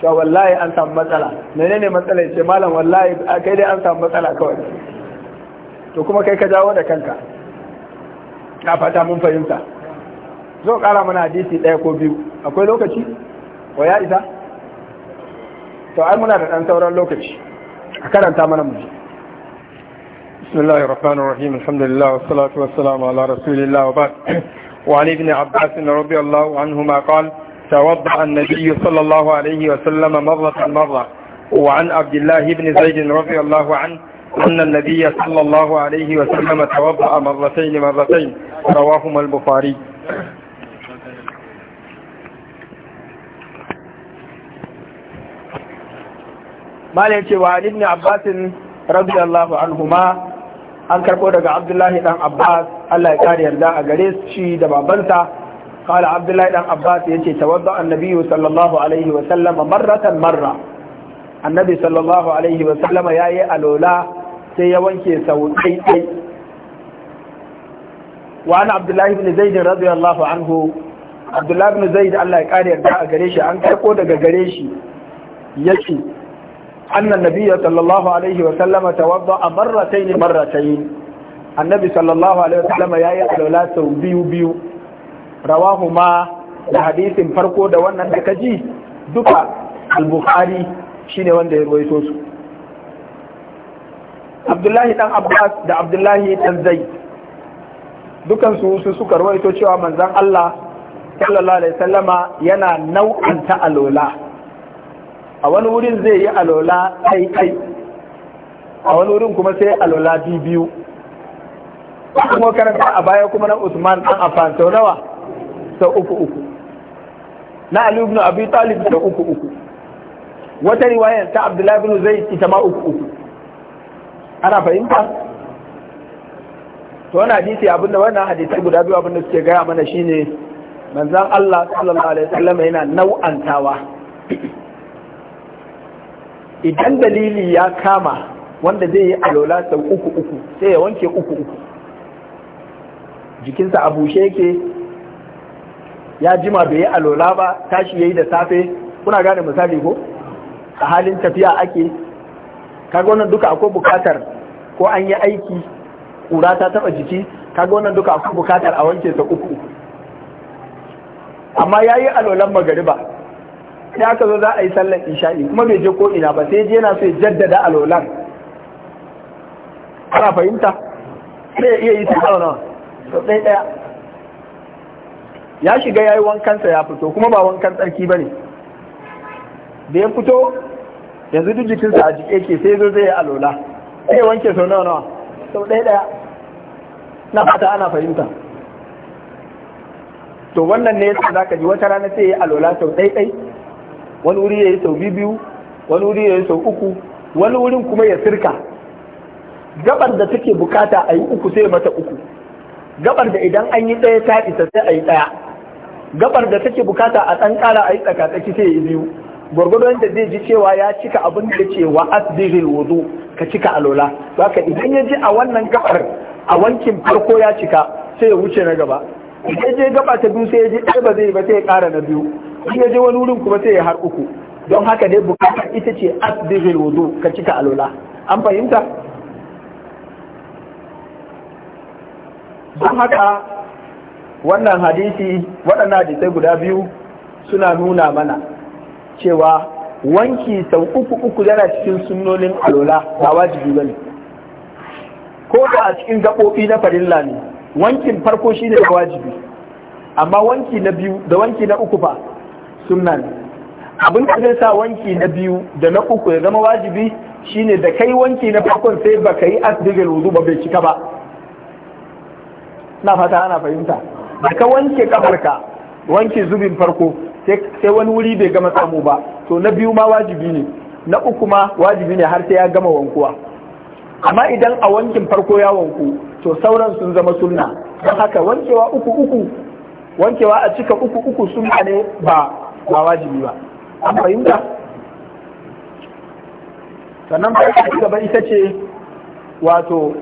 cewa wallahi an samu matsala menene matsala ce malam wallahi kai dai an samu matsala kawai to kuma kai ka jawo da kanka ka fata mun fahimta zo kara mana hadisi ɗaya ko biyu akwai lokaci wa ya isa to ai muna da ɗan sauran lokaci a karanta mana mu بسم الله الرحمن الرحيم الحمد لله والصلاة والسلام على رسول الله وبعد وعن ابن عباس رضي الله عنهما قال توضأ النبي صلى الله عليه وسلم مرة مرة وعن عبد الله بن زيد رضي الله عنه أن النبي صلى الله عليه وسلم توضأ مرتين مرتين رواهما البخاري ما لنشي وعن ابن عباس رضي الله عنهما an karɓo daga abdullahi ɗan abbas allah ya kare yarda a gare shi da babansa kala abdullahi ɗan abbas ya ce tawadda annabi sallallahu alaihi wa sallama marratan marra annabi sallallahu alaihi wa sallama ya yi alola sai ya wanke sau ɗaiɗai wa ana abdullahi bin zaidin radiyallahu anhu abdullahi bin zaid allah ya kare yarda a gare shi an karɓo daga gare shi yake أن النبي صلى الله a وسلم توضأ مرتين مرتين النبي صلى الله عليه وسلم يا يا سو بيو بيو رواه da hadisin farko da wannan da kaji duka al-bukhari shine wanda ya rawaito su Abdullahi dan Abbas da Abdullahi dan Zaid dukan su su suka rawaito cewa manzon Allah sallallahu alaihi wasallama yana nau'anta alola a wani wurin zai yi alola kai a wani wurin kuma sai alola biyu kuma karanta a baya kuma na Usman dan Affan sau nawa sau uku uku na Ali ibn Abi Talib sau uku uku wata riwaya ta Abdullahi ibn zai ita ma uku uku ana fahimta to wannan hadisi abinda wannan hadisi guda biyu abinda suke gaya mana shine manzon Allah sallallahu alaihi wasallam yana nau'antawa idan dalili ya kama wanda zai yi alola sau uku uku sai ya wanke uku uku jikinsa a bushe yake ya jima bai yi alola ba tashi ya yi da safe kuna gane misali ko a halin tafiya ake kaga wannan duka akwai bukatar ko an yi aiki kura ta taba jiki kaga wannan duka akwai bukatar a wanke sau uku amma ya yi alolan magariba ya ka zo za a yi sallar isha'i kuma bai je ko ina ba sai je yana so ya jaddada alolan ana fahimta sai ya iya yi sai nawa sau ɗaya ɗaya ya shiga ya yi wankansa ya fito kuma ba wankan tsarki ba ne da ya fito yanzu duk jikinsa a jike ke sai zo zai yi alola sai wanke sau nawa nawa sau ɗaya ɗaya na fata ana fahimta to wannan ne yasa zaka ji wata rana sai ya alola sau ɗai ɗai wani wuri ya yi sau biyu wani wuri ya yi sau uku wani wurin kuma ya sirka gabar da take bukata a yi uku sai mata uku gabar da idan an yi ɗaya ta isa sai a yi ɗaya gabar da take bukata a ɗan ƙara a yi tsakatsaki sai yi biyu gwargwado da zai ji cewa ya cika abin da ce wa asdiril wudu ka cika alola ka idan ya ji a wannan gabar a wankin farko ya cika sai ya wuce na gaba idan je gaba ta biyu sai ya ji ɗaya ba zai ba sai ya ƙara na biyu in ya je wani wurin kuma sai ya har uku don haka dai bukata ita ce asbihil wudu ka cika alola an fahimta don haka wannan hadisi waɗannan hadisai guda biyu suna nuna mana cewa wanki sau uku uku yana cikin sunnonin alola ba wajibi bane ko da a cikin gaɓoɓi na farilla ne wankin farko shine wajibi amma wanki na biyu da wanki na uku fa sunna ne abin da zai sa wanki na biyu da na uku ya zama wajibi shine da kai wanki na farkon sai baka yi asdigal wuzu ba bai cika ba na fata ana fahimta da ka wanke kafarka wanke zubin farko sai wani wuri bai gama samu ba to na biyu ma wajibi ne na uku ma wajibi ne har sai ya gama wankuwa amma idan a wankin farko ya wanku to sauran sun zama sunna don haka wankewa uku uku wankewa a cika uku uku sunna ne ba ba wajibi ba an fahimta sannan farko gaba ita ce wato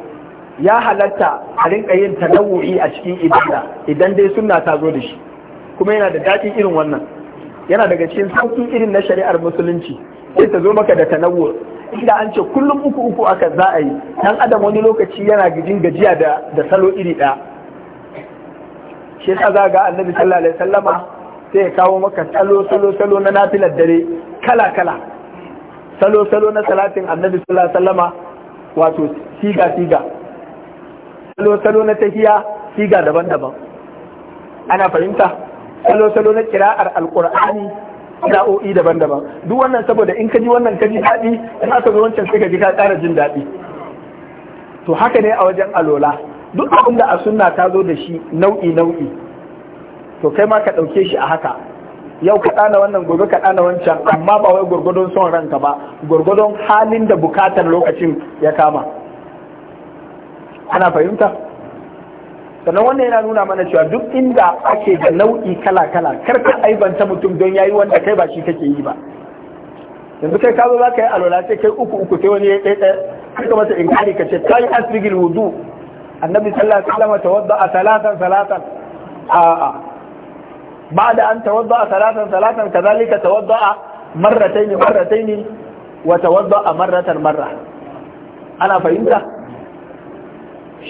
ya halatta a rinka yin tanawu'i a cikin ibada idan dai suna ta zo da shi kuma yana da daɗin irin wannan yana daga cikin sauƙin irin na shari'ar musulunci sai ta zo maka da tanawur inda an ce kullum uku uku aka za a yi dan adam wani lokaci yana gijin gajiya da salo iri ɗaya shi yasa za ga annabi sallallahu alaihi wasallama sai ya kawo maka salo salo salo na nafilar dare kala kala salo salo na salatin annabi sallallahu alaihi wasallama wato siga siga salo salo na tahiya siga daban-daban ana fahimta salo salo na kira'ar alqur'ani o'i daban-daban duk wannan saboda in ka ji wannan ka ji daɗi in aka zo wancan sai ka ji ka ƙara jin daɗi to haka ne a wajen alola duk abin da a sunna ta zo da shi nau'i nau'i to kai ma ka ɗauke shi a haka yau ka ɗana wannan gobe ka ɗana wancan amma ba wai gwargwadon son ranka ba gwargwadon halin da bukatar lokacin ya kama ana fahimta sannan wannan yana nuna mana cewa duk inda ake da nau'i kala-kala kar aibanta mutum don ya yi wanda kai ba shi kake yi ba yanzu kai ka za ka yi alwala sai kai uku uku sai wani ya ɗaya ɗaya kai ka masa inkari ka ce Ta yi asirgin wudu annabi sallallahu alaihi wadda a salatan salatan a'a بعد أن توضأ ثلاثا ثلاثا كذلك توضأ مرتين مرتين وتوضأ مرة مرة أنا فهمت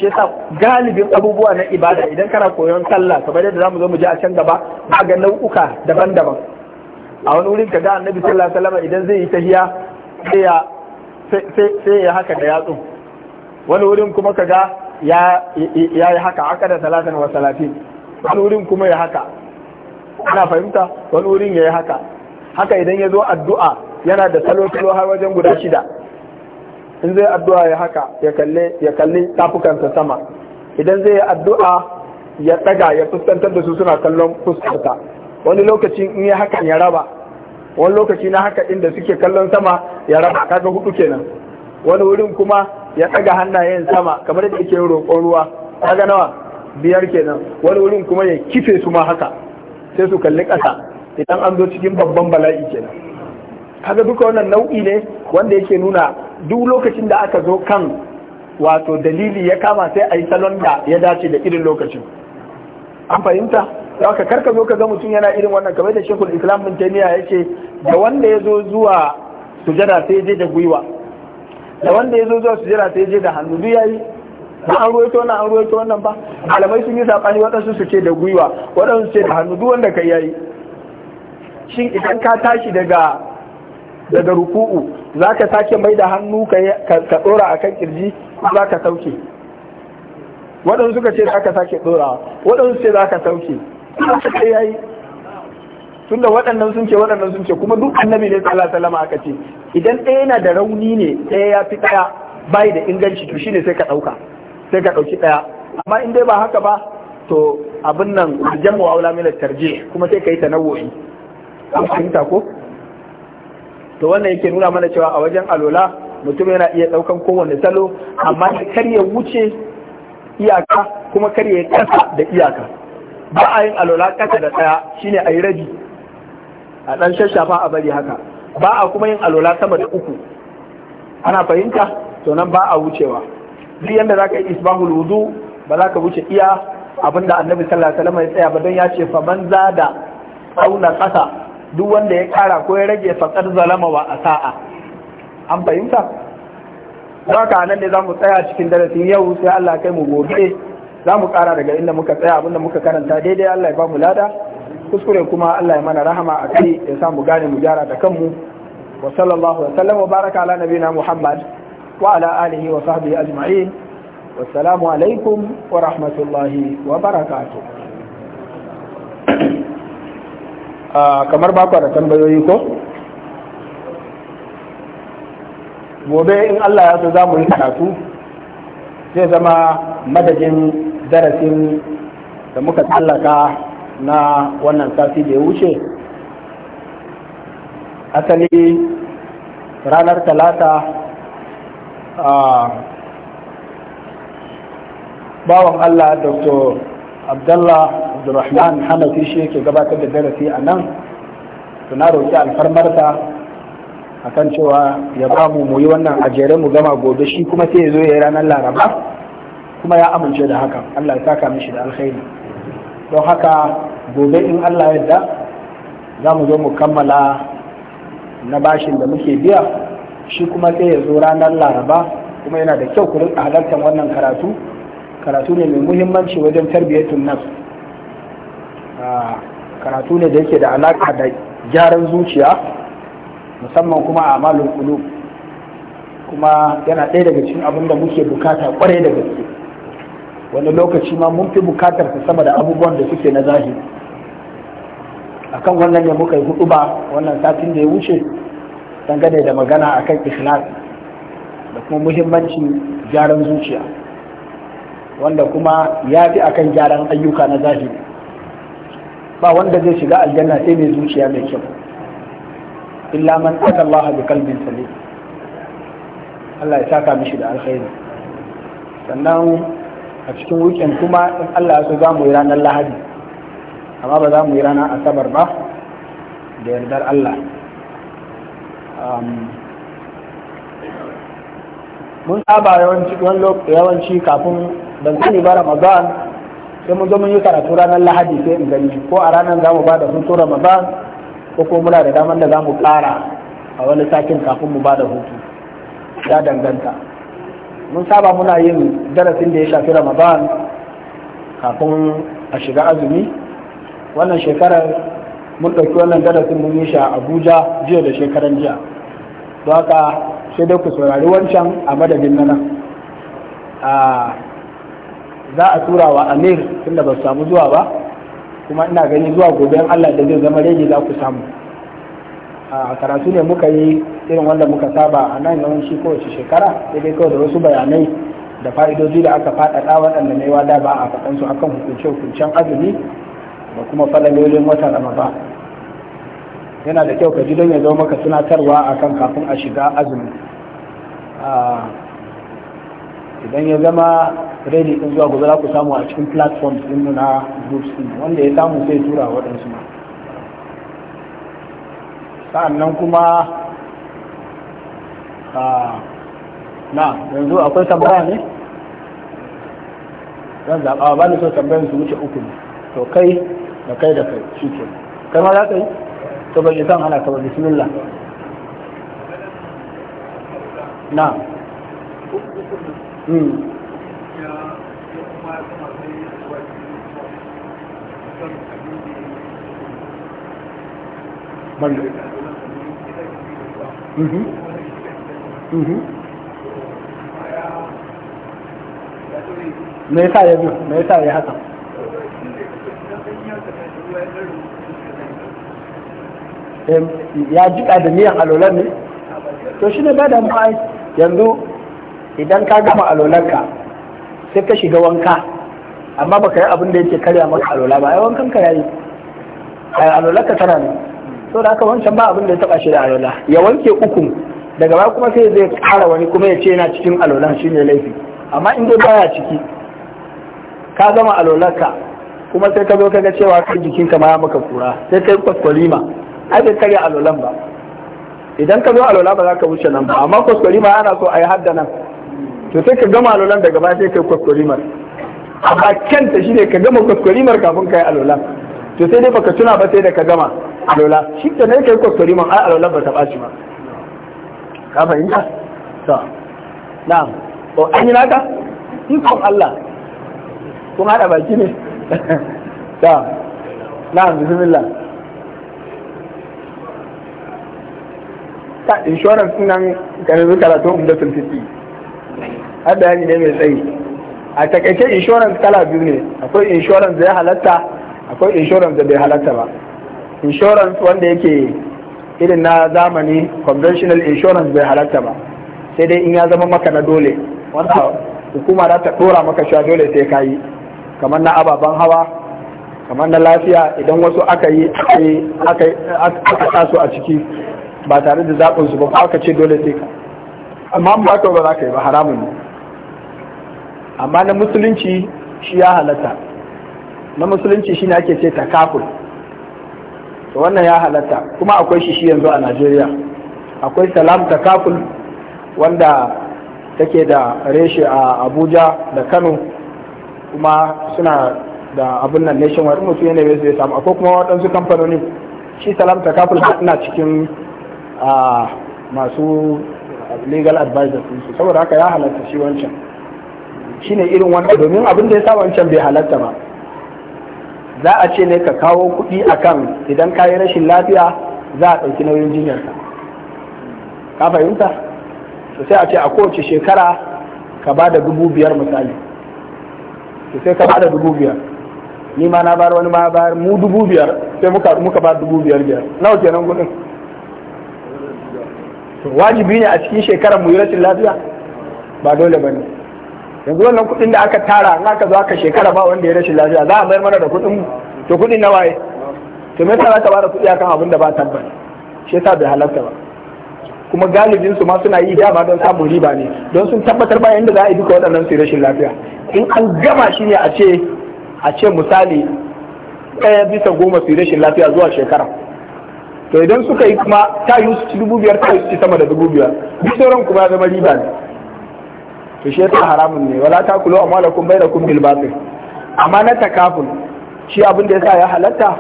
shi galibin abubuwa na ibada idan kana koyon sallah kamar yadda zamu zo mu ji a can gaba ba ga nau'uka daban-daban a wani wurin ka ga annabi sallallahu alaihi wasallam idan zai yi tahiya sai ya sai ya haka da yatsu wani wurin kuma ka ga ya yi haka haka da salatan wa salatin wani wurin kuma ya haka ana fahimta wani wurin ya yi haka haka idan ya zo addu'a yana da salo-salo har wajen guda shida in zai addu'a ya haka ya kalli tafukansa sama idan zai yi addu'a ya ɗaga ya fuskantar da su suna kallon fuskarta wani lokaci in ya haka ya raba wani lokaci na haka inda suke kallon sama ya raba kaga hudu kenan wani wurin kuma ya ɗaga hannayen sama kamar da yake roƙon ruwa kaga nawa biyar kenan wani wurin kuma ya kife su ma haka sai su kalli ƙasa idan an zo cikin babban bala'i kenan kaga duka wannan nau'i ne wanda yake nuna duk lokacin da aka zo kan wato dalili ya kama sai a yi salon da ya dace da irin lokacin an fahimta da aka karka zo ka ga mutum yana irin wannan kamar da shekul islam bin ya ce da wanda ya zo zuwa sujada sai je da gwiwa da wanda ya zo zuwa sujada sai je da hannu duk yayi ba an ruwaito wannan an ruwaito wannan ba alamai sun yi sabani waɗansu su ce da gwiwa waɗansu ce da hannu duk wanda ka yayi shin idan ka tashi daga daga ruku'u zaka sake mai da hannu ka ɗora a kan kirji ko zaka sauke waɗansu suka ce zaka sake ɗorawa waɗansu ce zaka sauke ka yayi tunda waɗannan sun ce waɗannan sun ce kuma duk annabi ne sallallahu alaihi wasallam aka ce idan ɗaya yana da rauni ne ɗaya ya fi ɗaya bai da inganci to shine sai ka ɗauka sai ka ɗauki ɗaya amma in dai ba haka ba to abin nan jan wa aula mila tarje kuma sai ka ta tanawwu'i an fahimta ko to wannan yake nuna mana cewa a wajen alola mutum yana iya ɗaukan kowane salo amma kar ya wuce iyaka kuma kar ya kasa da iyaka ba a yin alola kasa da ɗaya shine a yi rabi a ɗan shashafa a bari haka ba a kuma yin alola sama da uku ana fahimta to nan ba a wucewa duk za ka yi isbahul wudu ba za ka wuce iya abinda annabi sallallahu alaihi wasallam ya tsaya ba don ya ce fa man zada auna qasa duk wanda ya kara ko ya rage qad zalama wa asa'a an fahimta haka nan ne za mu tsaya cikin darasin yau sai Allah kai mu gobe zamu kara daga inda muka tsaya abinda muka karanta daidai Allah ya ba mu lada kuskure kuma Allah ya mana rahama a kai ya samu gane mu gyara da kanmu wa sallallahu wa sallam wa baraka ala nabiyina Muhammad وعلى آله وصحبه أجمعين والسلام عليكم ورحمة الله وبركاته kamar ba da tambayoyi ko gobe in Allah ya so za mu yi karatu zai zama madadin darasin da muka tsallaka na wannan sati da ya wuce asali ranar talata bawan Allah Dr. Abdullah Abdulrahman Hamadu shi yake gabatar da darasi a nan tuna roƙi alfarmarta kan cewa ya ba mu yi wannan a mu gama gobe shi kuma sai ya zo ya yi ranar Laraba kuma ya amince da hakan Allah ya saka mishi da alkhairi don haka gobe in Allah yadda za mu zo mu kammala na bashin da muke biya shi kuma sai ya zo ranar laraba kuma yana da kyau ku rinka halartar wannan karatu karatu ne mai muhimmanci wajen tarbiyyatun nan karatu ne da yake da alaƙa da gyaran zuciya musamman kuma a malin kulu kuma yana ɗaya daga cikin abin da muke bukata kwarai da gaske wani lokaci ma mun fi bukatar ta sama da abubuwan da suke na zahiri akan wannan ne muka yi hudu ba wannan satin da ya wuce dangane da magana akan ikhlas da kuma muhimmancin gyaran zuciya wanda kuma ya fi akan gyaran ayyuka na zahiri ba wanda zai shiga aljanna sai mai zuciya mai kyau illa man ata Allah bi kalbin salim Allah ya saka mishi da alkhairi sannan a cikin wukin kuma in Allah ya so za mu yi ranar Lahadi amma ba za mu yi ranar Asabar ba da yardar Allah Um, mun saba yawanci kafin ban sani ba ramadan sai mun zo mun yi karatu ranar lahadi sai in gani ko a ranar za mu ba da hutu ramadan ko kuma muna da damar da za mu ƙara a wani sakin kafin mu ba da hutu ya danganta mun saba muna yin darasin da ya shafi ramadan kafin a shiga azumi wannan shekarar mun ɗauki wannan darasin mun yi shi a abuja jiya da shekaran jiya don haka sai dai ku saurari wancan a madadin nan za a tura wa amir tunda ba su samu zuwa ba kuma ina gani zuwa gobe allah da zai zama rege za ku samu a karatu ne muka yi irin wanda muka saba a nan yawanci kowace shekara sai dai kawai da wasu bayanai da fa'idoji da aka faɗaɗa waɗanda wa wada ba a faɗansu akan hukunce-hukuncen azumi da kuma falalolin watan ramadan yana da kyau ka ji don ya zama maka tunatarwa akan kafin a shiga azumi idan ya zama ready din zuwa gobe za ku samu a cikin platforms din na groups din wanda ya samu sai tura waɗansu ma sa'annan kuma na yanzu akwai tambaya ne zan zaɓa ba ni so tambayin su wuce uku ne to kai da kai da kai shi ke kai ma za ka yi to ba san ana ka ba bismillah na hmm. bari mhm mhm me yasa ya bi? me yasa ya haka ya ji da miyan alolan ne to shi ne ba da ma'ai yanzu idan ka gama alolanka sai ka shiga wanka amma baka yi abin da yake karya maka alola ba ai wankan ka yayi ai alolanka tana ne to da aka wancan ba abin da ya taba shi da alola ya wanke uku daga baya kuma sai zai kara wani kuma ya ce yana cikin alolan shine laifi amma in dai baya ciki ka gama alolanka kuma sai ka zo ka ga cewa kan jikinka ma ya maka kura sai kai kwaskwalima ai bai karya alolan ba idan ka zo alola ba za ka wuce nan ba amma ma ana so a yi hadda nan to sai ka gama alolan daga baya sai ka yi kwaskwarimar amma kyanta shi ne ka gama kwaskwarimar kafin ka yi alolan to sai dai baka tuna ba sai da ka gama alola shi ta ne ka yi kwaskwarimar ai alolan ba ta ɓaci ba ka fahimta to na'am to an yi naka ikon Allah kun haɗa baki ne ta na'am bismillah ta insurance nan yanzu karatu umdatul fiqi har bayani ne mai tsayi a takaice insurance kala biyu ne akwai insurance da ya halatta akwai insurance da bai halatta ba insurance wanda yake irin na zamani conventional insurance bai halatta ba sai dai in ya zama maka na dole wanda hukuma za ta dora maka sha dole sai ka yi kamar na ababen hawa kamar na lafiya idan wasu aka yi aka su a ciki ba tare da zaɓin su ba ko aka ce dole sai ka amma ba ka ba za ka yi ba haramun ne amma na musulunci shi ya halatta na musulunci shi ne ake ce takaful to wannan ya halatta kuma akwai shi shi yanzu a Najeriya akwai salam takaful wanda take da reshe a Abuja da Kano kuma suna da abin nan nationwide mutum yanayi zai samu akwai kuma waɗansu kamfanoni shi salam takaful ina cikin a masu legal advisors su saboda haka ya halatta shi wancan shine irin wanda domin abin da ya sa wancan bai halatta ba za a ce ne ka kawo kuɗi akan idan ka yi rashin lafiya za a ɗauki nauyin jinyarka ka fahimta sai a ce a kowace shekara ka ba da dubu biyar misali sai ka ba da dubu biyar ni ma na bayar wani ma bayar mu dubu biyar sai muka muka ba dubu biyar biyar nawa kenan kuɗin wajibi ne a cikin shekarar mu yi rashin lafiya ba dole ba ne yanzu wannan kuɗin da aka tara in aka zo aka shekara ba wanda ya rashin lafiya za a mayar mana da kuɗin to kuɗin na waye to me yasa ka bada kuɗi akan abin da ba tabbas shi yasa bai halarta ba kuma galibin su ma suna yi dama don samun riba ne don sun tabbatar ba yanda za a yi duka waɗannan su rashin lafiya in an gama shi ne a ce a ce misali ɗaya bisa goma su rashin lafiya zuwa shekara to idan suka yi kuma ta yi su dubu biyar ta yi su sama da dubu biyar duk sauran kuma ya zama riba ne to shi yasa haramun ne wala ta kulo amma lakum kun bil batil amma na kafin shi abin da ya sa ya halatta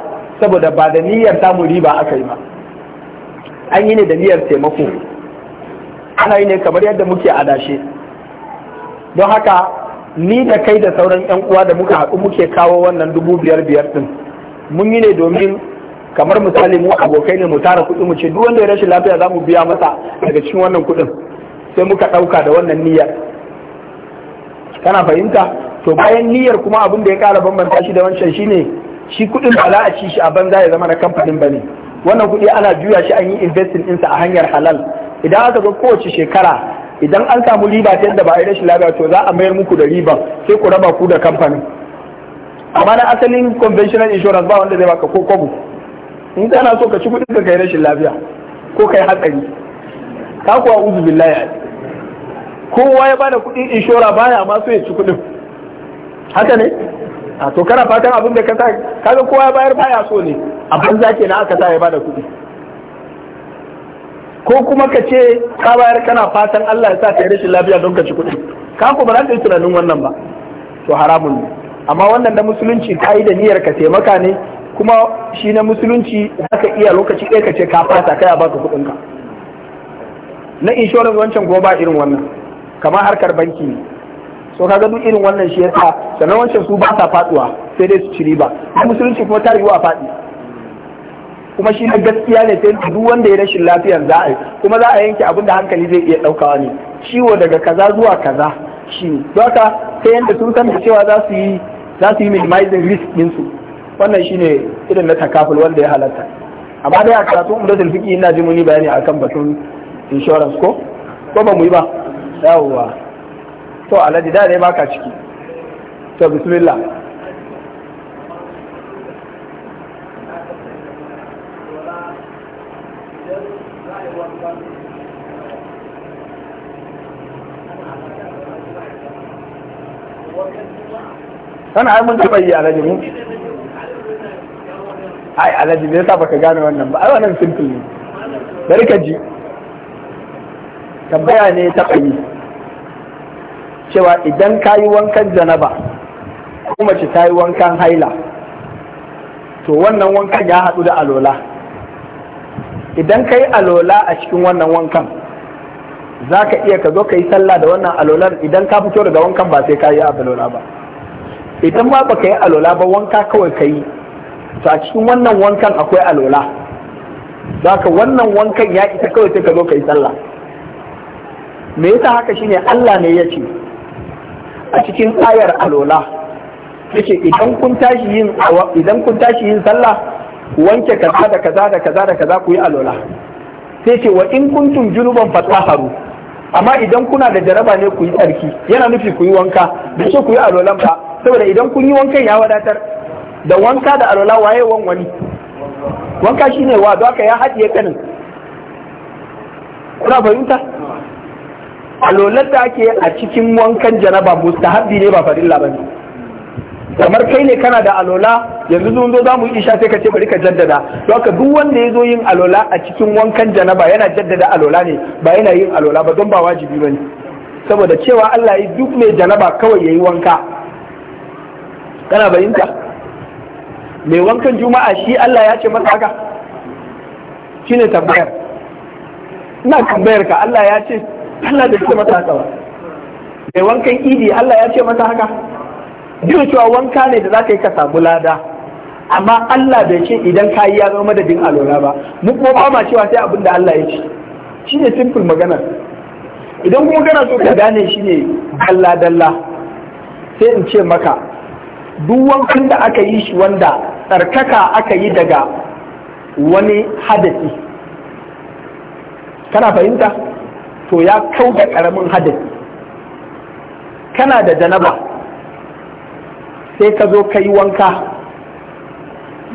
saboda ba da niyyar samun riba aka yi ba an yi ne da niyyar taimako ana yi ne kamar yadda muke adashe don haka ni da kai da sauran yan uwa da muka haɗu muke kawo wannan dubu biyar biyar din mun yi ne domin kamar misali mu abokai ne mu tara kuɗi mu ce duk wanda ya rashin lafiya za mu biya masa daga cikin wannan kuɗin sai muka ɗauka da wannan niyyar kana fahimta to bayan niyyar kuma abin da ya ƙara bambanta shi da wancan shine shi kuɗin ba za a ci shi a banza ya zama na kamfanin ba ne wannan kuɗi ana juya shi an yi investing ɗinsa a hanyar halal idan aka ga kowace shekara idan an samu riba ta yadda ba a yi rashin lafiya to za a mayar muku da riban sai ku raba ku da kamfanin amma na asalin conventional insurance ba wanda zai baka ko kwabu in kana so ka ci kuɗin ka kai rashin lafiya ko kai hatsari ka kuwa uzu billahi kowa ya bada kudin inshora baya ma so ya ci kuɗin haka ne a to kana fatan abin da ka sa kaga kowa ya bayar baya so ne a banza kenan aka sa ya bada kuɗi ko kuma ka ce ka bayar kana fatan Allah ya sa ka yi rashin lafiya don ka ci kuɗi ka ku ba za ka yi tunanin wannan ba to haramun ne amma wannan da musulunci ka yi da niyyar ka taimaka ne kuma shi na musulunci haka iya lokaci ɗaya ka ce ka fasa kai a baka kuɗinka na inshorar wancan goma irin wannan kamar harkar banki ne so kaga duk irin wannan shi yasa sannan wancan su ba sa faduwa sai dai su ci riba na musulunci kuma ta a faɗi kuma shi na gaskiya ne sai duk wanda ya rashin lafiyar za a yi kuma za a yanke abin da hankali zai iya ɗaukawa ne ciwo daga kaza zuwa kaza shi ne don haka sai yanda sun san da cewa za su yi za su yi minimizing risk ɗinsu wannan shine irin na takaful wanda ya halatta amma dai a karatun umdatul fiqi ina ji muni bayani akan batun insurance ko ko ba mu yi ba yawwa to alhaji da ne baka ciki to bismillah sana ai mun taɓa yi alhaji mu ai alhaji ne yasa baka gane wannan ba ai wannan simple ne bari ka ji tambaya ne ta kai cewa idan kayi wankan janaba ko mace tayi wankan haila to wannan wankan ya haɗu da alola idan ka yi alola a cikin wannan wankan za ka iya ka zo ka yi sallah da wannan alolar idan ka fito daga wankan ba sai ka yi alola ba idan ba ka yi alola ba wanka kawai ka yi to a cikin wannan wankan akwai alola ka wannan wankan ya isa kawai sai ka zo ka yi sallah me yasa haka shine Allah ne ya ce a cikin ayar alola yace idan kun tashi yin idan kun tashi yin sallah wanke kaza da kaza da kaza da kaza ku yi alola sai ce wa in kuntum junuban fatahharu amma idan kuna da jaraba ne ku yi tsarki yana nufi ku yi wanka da so ku yi alolan ba saboda idan kun yi wankan ya wadatar da wanka da alwala waye wan wani wanka shine wa don haka ya haɗiye kanin kuna fahimta alwalar da ake a cikin wankan janaba mustahabbi ne ba farilla bane kamar kai ne kana da alola yanzu zuwan zo mu isha sai ka ce bari ka jaddada don ka duk wanda ya zo yin alola a cikin wankan janaba yana jaddada alola ne ba yana yin alola ba don ba wajibi ba ne saboda cewa Allah ya duk mai janaba kawai yayi wanka kana bayinta mai wankan juma'a shi Allah ya ce masa haka shine tambayar ina tambayar ka Allah ya ce Allah da ce masa haka ba mai wankan idi Allah ya ce masa haka duk cewa wanka ne da za ka yi ka samu lada amma Allah bai ce idan ka yi ya zama madadin alora ba mu kuma ba ma cewa sai abin da Allah ya ce shi ne simple magana idan kuma kana so ka gane shi ne dalla dalla sai in ce maka duk wankan da aka yi shi wanda tsarkaka aka yi daga wani hadasi kana fahimta to ya kau da ƙaramin hadasi kana da janaba sai ka zo ka yi wanka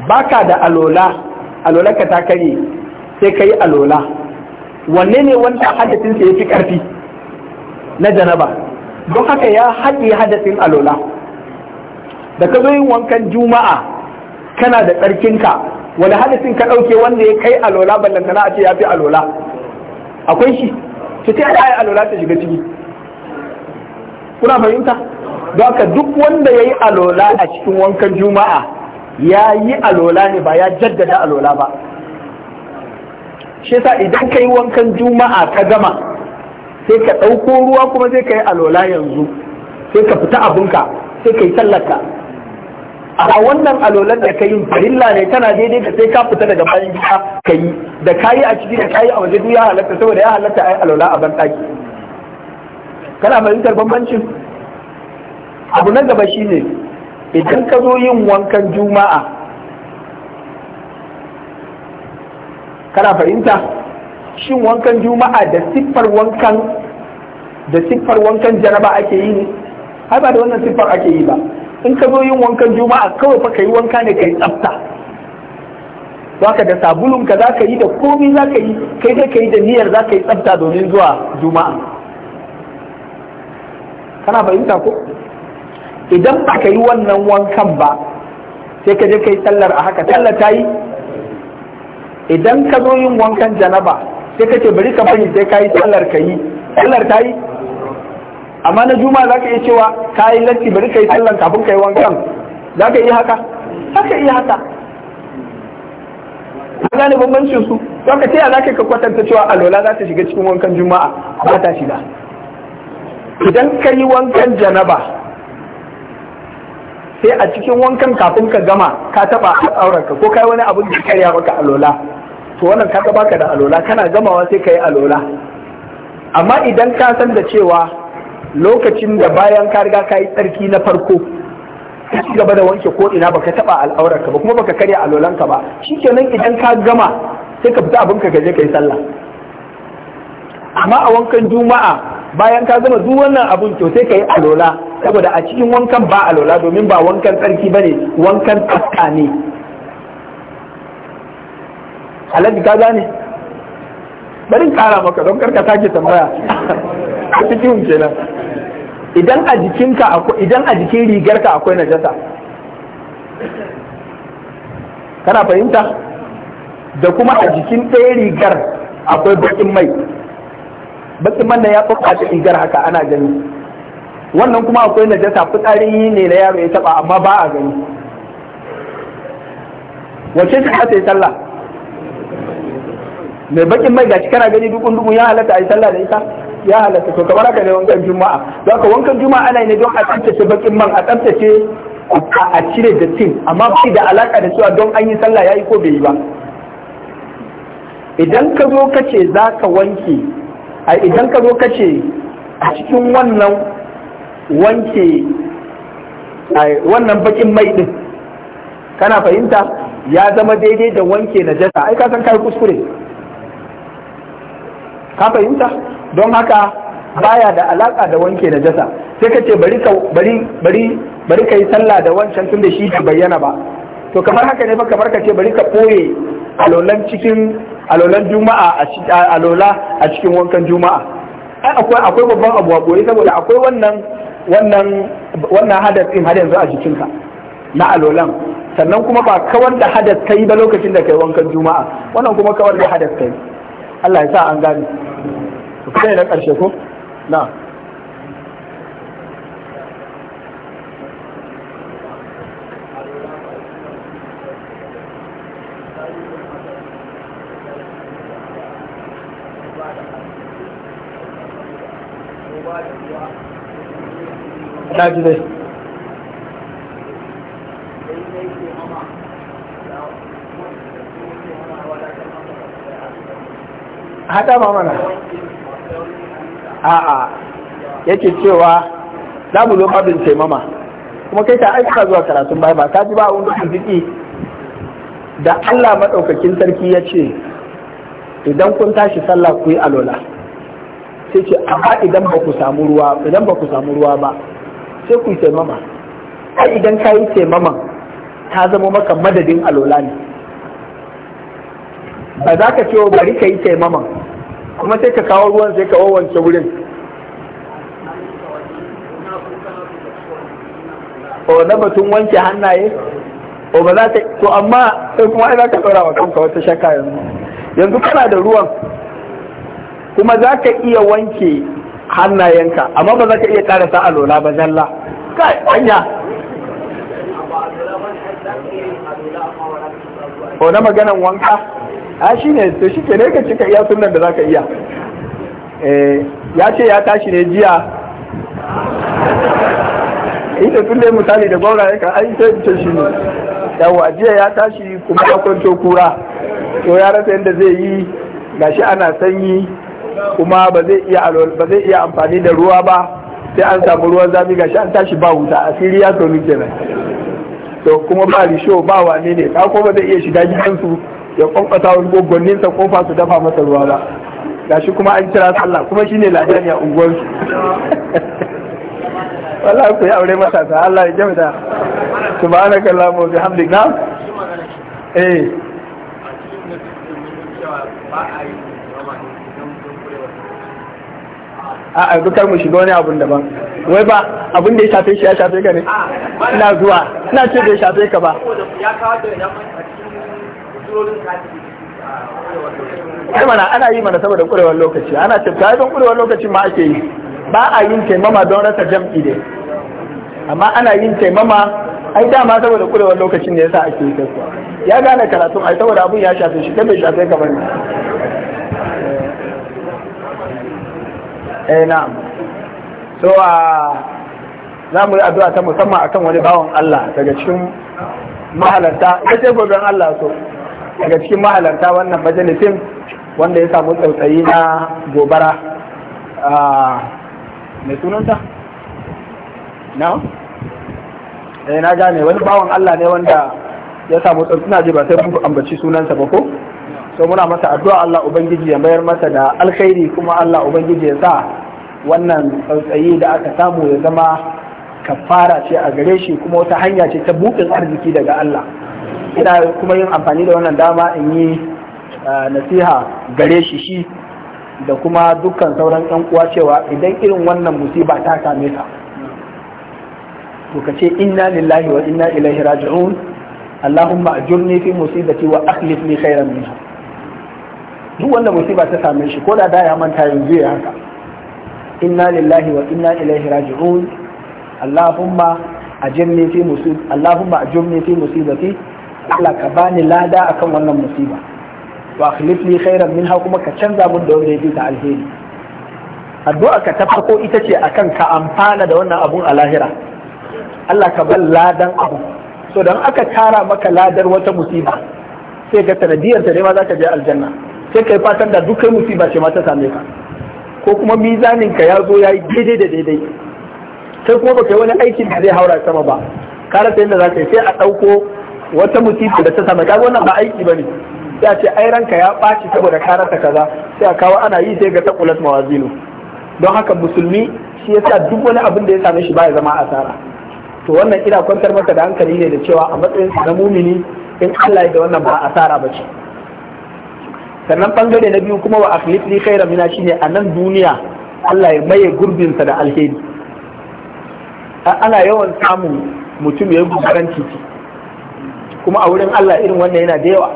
baka da alola alola ka ta kare sai ka yi alola wanne ne wanda hadasinsa ya fi ƙarfi na janaba don haka ya haɗe hadasin alola da ka zo yin wankan juma'a kana da tsarkinka wani hadisin ka ɗauke wanda ya kai alola ballantana a ce ya fi alola akwai shi ta ce yi alola ta shiga ciki kuna fahimta don haka duk wanda ya yi alola a cikin wankan juma'a ya yi alola ne ba ya jaddada alola ba shi yasa idan ka yi wankan juma'a ka gama sai ka ɗauko ruwa kuma sai ka yi alola yanzu sai ka fita abinka sai ka yi sallarka a wannan alolan da kai farilla ne tana daidai da sai ka fita daga bayan gida yi. da kayi a ciki da kayi a waje duk ya halatta saboda ya halatta ai alola a ban daki kana fahimtar bambancin abu na gaba shine idan ka zo yin wankan juma'a kana fahimta shin wankan juma'a da siffar wankan da siffar wankan jaraba ake yi ne ai ba da wannan siffar ake yi ba in ka zo yin wankan juma'a kawai fa ka yi wanka ne ka yi tsafta zaka da sabulun ka zaka yi da komi zaka yi kai da ka yi da niyyar zaka yi tsafta domin zuwa juma'a kana fahimta ko idan ba ka yi wannan wankan ba sai ka je ka yi sallar a haka sallar ta yi idan ka zo yin wankan janaba sai ka ce bari ka bari sai ka yi sallar ka yi sallar ta yi amma na juma'a za ka iya cewa ka yi latti bari ka yi sallan kafin ka yi wankan za ka iya haka za ka iya haka ka gane bambancin su za ka taya za ka kwatanta cewa alola za ta shiga cikin wankan juma'a ba ta shiga idan ka yi wankan janaba sai a cikin wankan kafin ka gama ka taba al'aurarka ko kai wani abin da karya maka alola to wannan ka baka da alola kana gamawa sai ka yi alola amma idan ka san da cewa lokacin da bayan ka riga ka yi tsarki na farko ka ci gaba da wanke ko ina baka taba al'aurarka ba kuma baka karya alolanka ba shikenan idan ka gama sai ka fita abin ka gaje ka yi sallah amma a wankan juma'a bayan ka gama duk wannan abun to sai ka yi alola saboda a cikin wankan ba alola domin ba wankan tsarki ba ne, wankan tsaka ne alhaji ka gane bari kara maka don karka sake tambaya a cikin kenan idan a jikinka akwai idan a jikin rigarka akwai najasa kana fahimta da kuma a jikin ɗaya rigar akwai bakin mai bakin man da ya fi rigar haka ana gani wannan kuma akwai najasa fitsarin ne na yaro ya taba amma ba a gani wace ta ta yi sallah mai bakin mai gashi kana gani dukun dubu ya halatta a yi sallah da ita ya halatta to kamar haka ne wankan juma'a za ka wankan juma'a ana ne don a tsaftace bakin man a tsaftace a cire dattin amma ba da alaka da cewa don an yi sallah ya yi ko bai yi ba idan ka zo ka ce za ka wanke a idan ka zo ka ce a cikin wannan wanke wannan bakin mai din kana fahimta ya zama daidai da wanke na jasa ai ka san kai kuskure ka fahimta don haka baya da alaka da wanke jasa sai ka ce bari ka bari bari bari kai sallah da wancan tun da shi bai bayyana ba to kamar haka ne fa kamar ka ce bari ka koye alolan cikin alolan juma'a a alola a cikin wankan juma'a ai akwai akwai babban abu a boye saboda akwai wannan wannan wannan hadasin har yanzu a jikinka na alolan sannan kuma ba kawar da hadas kai ba lokacin da kai wankan juma'a wannan kuma kawar da hadas kai Allah ya sa an gane to kai na ƙarshe ko na ta ji dai haɗa mana a'a yake cewa za mu zo babin taimama kuma kai ta aika zuwa karatun bai ba ka ji ba wani jiki da Allah maɗaukakin sarki ya ce idan kun tashi sallah ku yi alola sai ce amma idan ba ku samu ruwa idan ba ku samu ruwa ba sai ku yi taimama ai idan ka yi taimaman ta zama maka madadin alola ne ba za ka ce bari ka yi taimaman kuma sai ka kawo ruwan sai ka wawance wurin o na batun wanke hannaye o ba za ta to amma sai kuma ai za ka ɗora wa kanka wata shakka yanzu yanzu kana da ruwan kuma za ka iya wanke hannayenka amma ba za ka iya ƙara a lola ba zalla kai anya o na maganan wanka a shi ne to shi ke ne ka cika iya sunan da zaka iya eh, ya ce ya tashi ne jiya ita tun dai misali da gwamna ya kan ai sai ta shi ne yawa jiya ya tashi kuma ya kwanto kura to ya rasa yadda zai yi gashi ana sanyi kuma ba zai iya amfani da ruwa ba sai an samu ruwan zafi gashi an tashi ba wuta asiri ya tonu kenan to kuma ba risho ba wane ne ka ko ba zai iya shiga gidansu ya kwankwasa wani gwaggwannin sa kofa su dafa masa ruwa ba gashi kuma an kira sallah kuma shine ladani a unguwar su wallahi ku yi aure matasa Allah ya kyauta subhanakallahu wa bihamdik na eh a dukkan mu shiga wani abun daban wai ba abun da ya shafe shi ya shafe ka ne ina zuwa ina ce da ya shafe ka ba ya kawo da ai mana ana yi mana saboda kurewar lokaci ana ce ta don kurewar lokaci ma ake yi ba a yin taimama don rasa jam'i dai amma ana yin taimama ai dama saboda kurewar lokacin da sa ake yi kasuwa ya gane karatun ai saboda abun ya shafe shi bai shafe ka bane eh na'am so a ah, za mu yi addu'a ta musamman akan wani bawan Allah daga cikin mahalarta ita ce gobe Allah so daga cikin mahalarta wannan majalisin wanda ya samu tsautsayi na gobara ah, mai sunanta? na? eh na gane wani bawan Allah ne wanda ya samu tsautsayi ji ba sai mun ambaci sunansa ba ko? so muna masa addu'a Allah Ubangiji ya mayar masa da alkhairi kuma Allah Ubangiji ya sa wannan tsautsayi da aka samu ya zama kafara ce a gare shi kuma wata hanya ce ta bukin arziki daga Allah. ina kuma yin amfani da wannan dama in yi nasiha gare shi shi da kuma dukkan sauran yan uwa cewa idan irin wannan musiba ta same ka to ka ce inna lillahi wa inna ilaihi raji'un allahumma ajurni fi musibati wa akhlif li khairan minha duk wanda musiba ta same shi ko da da ya manta yanzu ya haka inna lillahi wa inna ilaihi raji'un allahumma ajurni fi musibati allahumma ajurni fi musibati Allah ka bani lada akan wannan musiba wa akhlif li khairan minha kuma ka canza mun da wanda yake ta alheri addu'a ka tafako ita ce akan ka amfana da wannan abun a lahira Allah ka bar ladan abu so dan aka tara maka ladar wata musiba sai ga sanadiyar ta ne ma zaka je aljanna sai kai fatan da dukkan musiba ce ma ta same ka ko kuma mizanin ka ya zo ya yi daidai da daidai sai kuma baka yi wani aikin da zai haura sama ba ka rasa yadda za ka yi sai a ɗauko wata musibi da ta sami kaga wannan ba aiki bane sai a ce ai ranka ya baci saboda ka rasa kaza sai a kawo ana yi sai ga ta kulat mawazinu don haka musulmi shi yasa duk wani abin da ya same shi ba ya zama asara to wannan ina kwantar maka da hankali ne da cewa a matsayin na mumini in Allah ya ga wannan ba asara ba ce sannan bangare na biyu kuma wa akhlif li khaira mina shine a nan duniya Allah ya maye gurbin sa da alheri ana yawan samun mutum ya yi gudaran titi kuma a wurin Allah irin wannan yana da yawa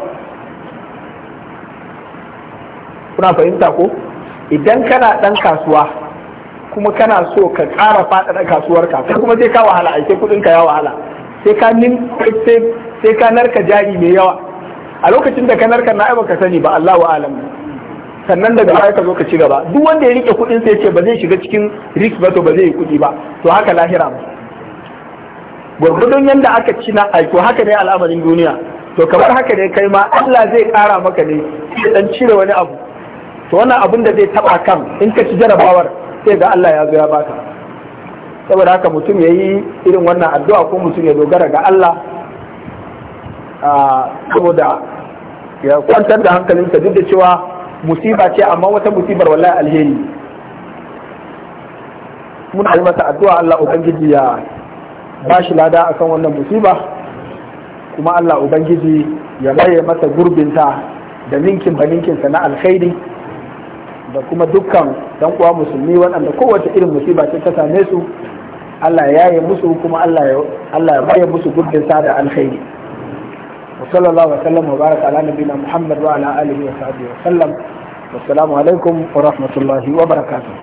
kuna fahimta ko idan kana ɗan kasuwa kuma kana so ka ƙara faɗaɗa kasuwarka kai kuma sai ka wahala a sai kuɗinka ya wahala sai ka nin sai ka narka jari mai yawa a lokacin da ka narka na aiwa ka sani ba Allah wa alam sannan daga baya ka zo ka ci gaba duk wanda ya rike kuɗin sai ce ba zai shiga cikin risk ba to ba zai yi kuɗi ba to haka lahira ba gurgudun yadda aka ci na aiko haka ne al'amarin duniya to kamar haka ne kai ma Allah zai kara maka ne ya dan cire wani abu to wannan abin da zai taba kan in ka ci jarabawar sai ga Allah ya zo ya baka saboda haka mutum ya yi irin wannan addu'a ko mutum ya dogara ga Allah saboda ya kwantar da hankalinsa duk da cewa musiba ce amma wata musibar wallahi alheri mun yi masa addu'a Allah ubangiji ya ba shi lada a kan wannan musiba kuma Allah ubangiji ya maye masa gurbinta da ninkin ba ninkinsa na alkhairi da kuma dukkan dan uwa musulmi waɗanda kowace irin musiba ce ta same su Allah ya yi musu kuma Allah ya maye musu gurbinsa da alkhairi wa وصلى الله وسلم وبارك على نبينا محمد وعلى اله وصحبه وسلم alaikum wa ورحمه wa وبركاته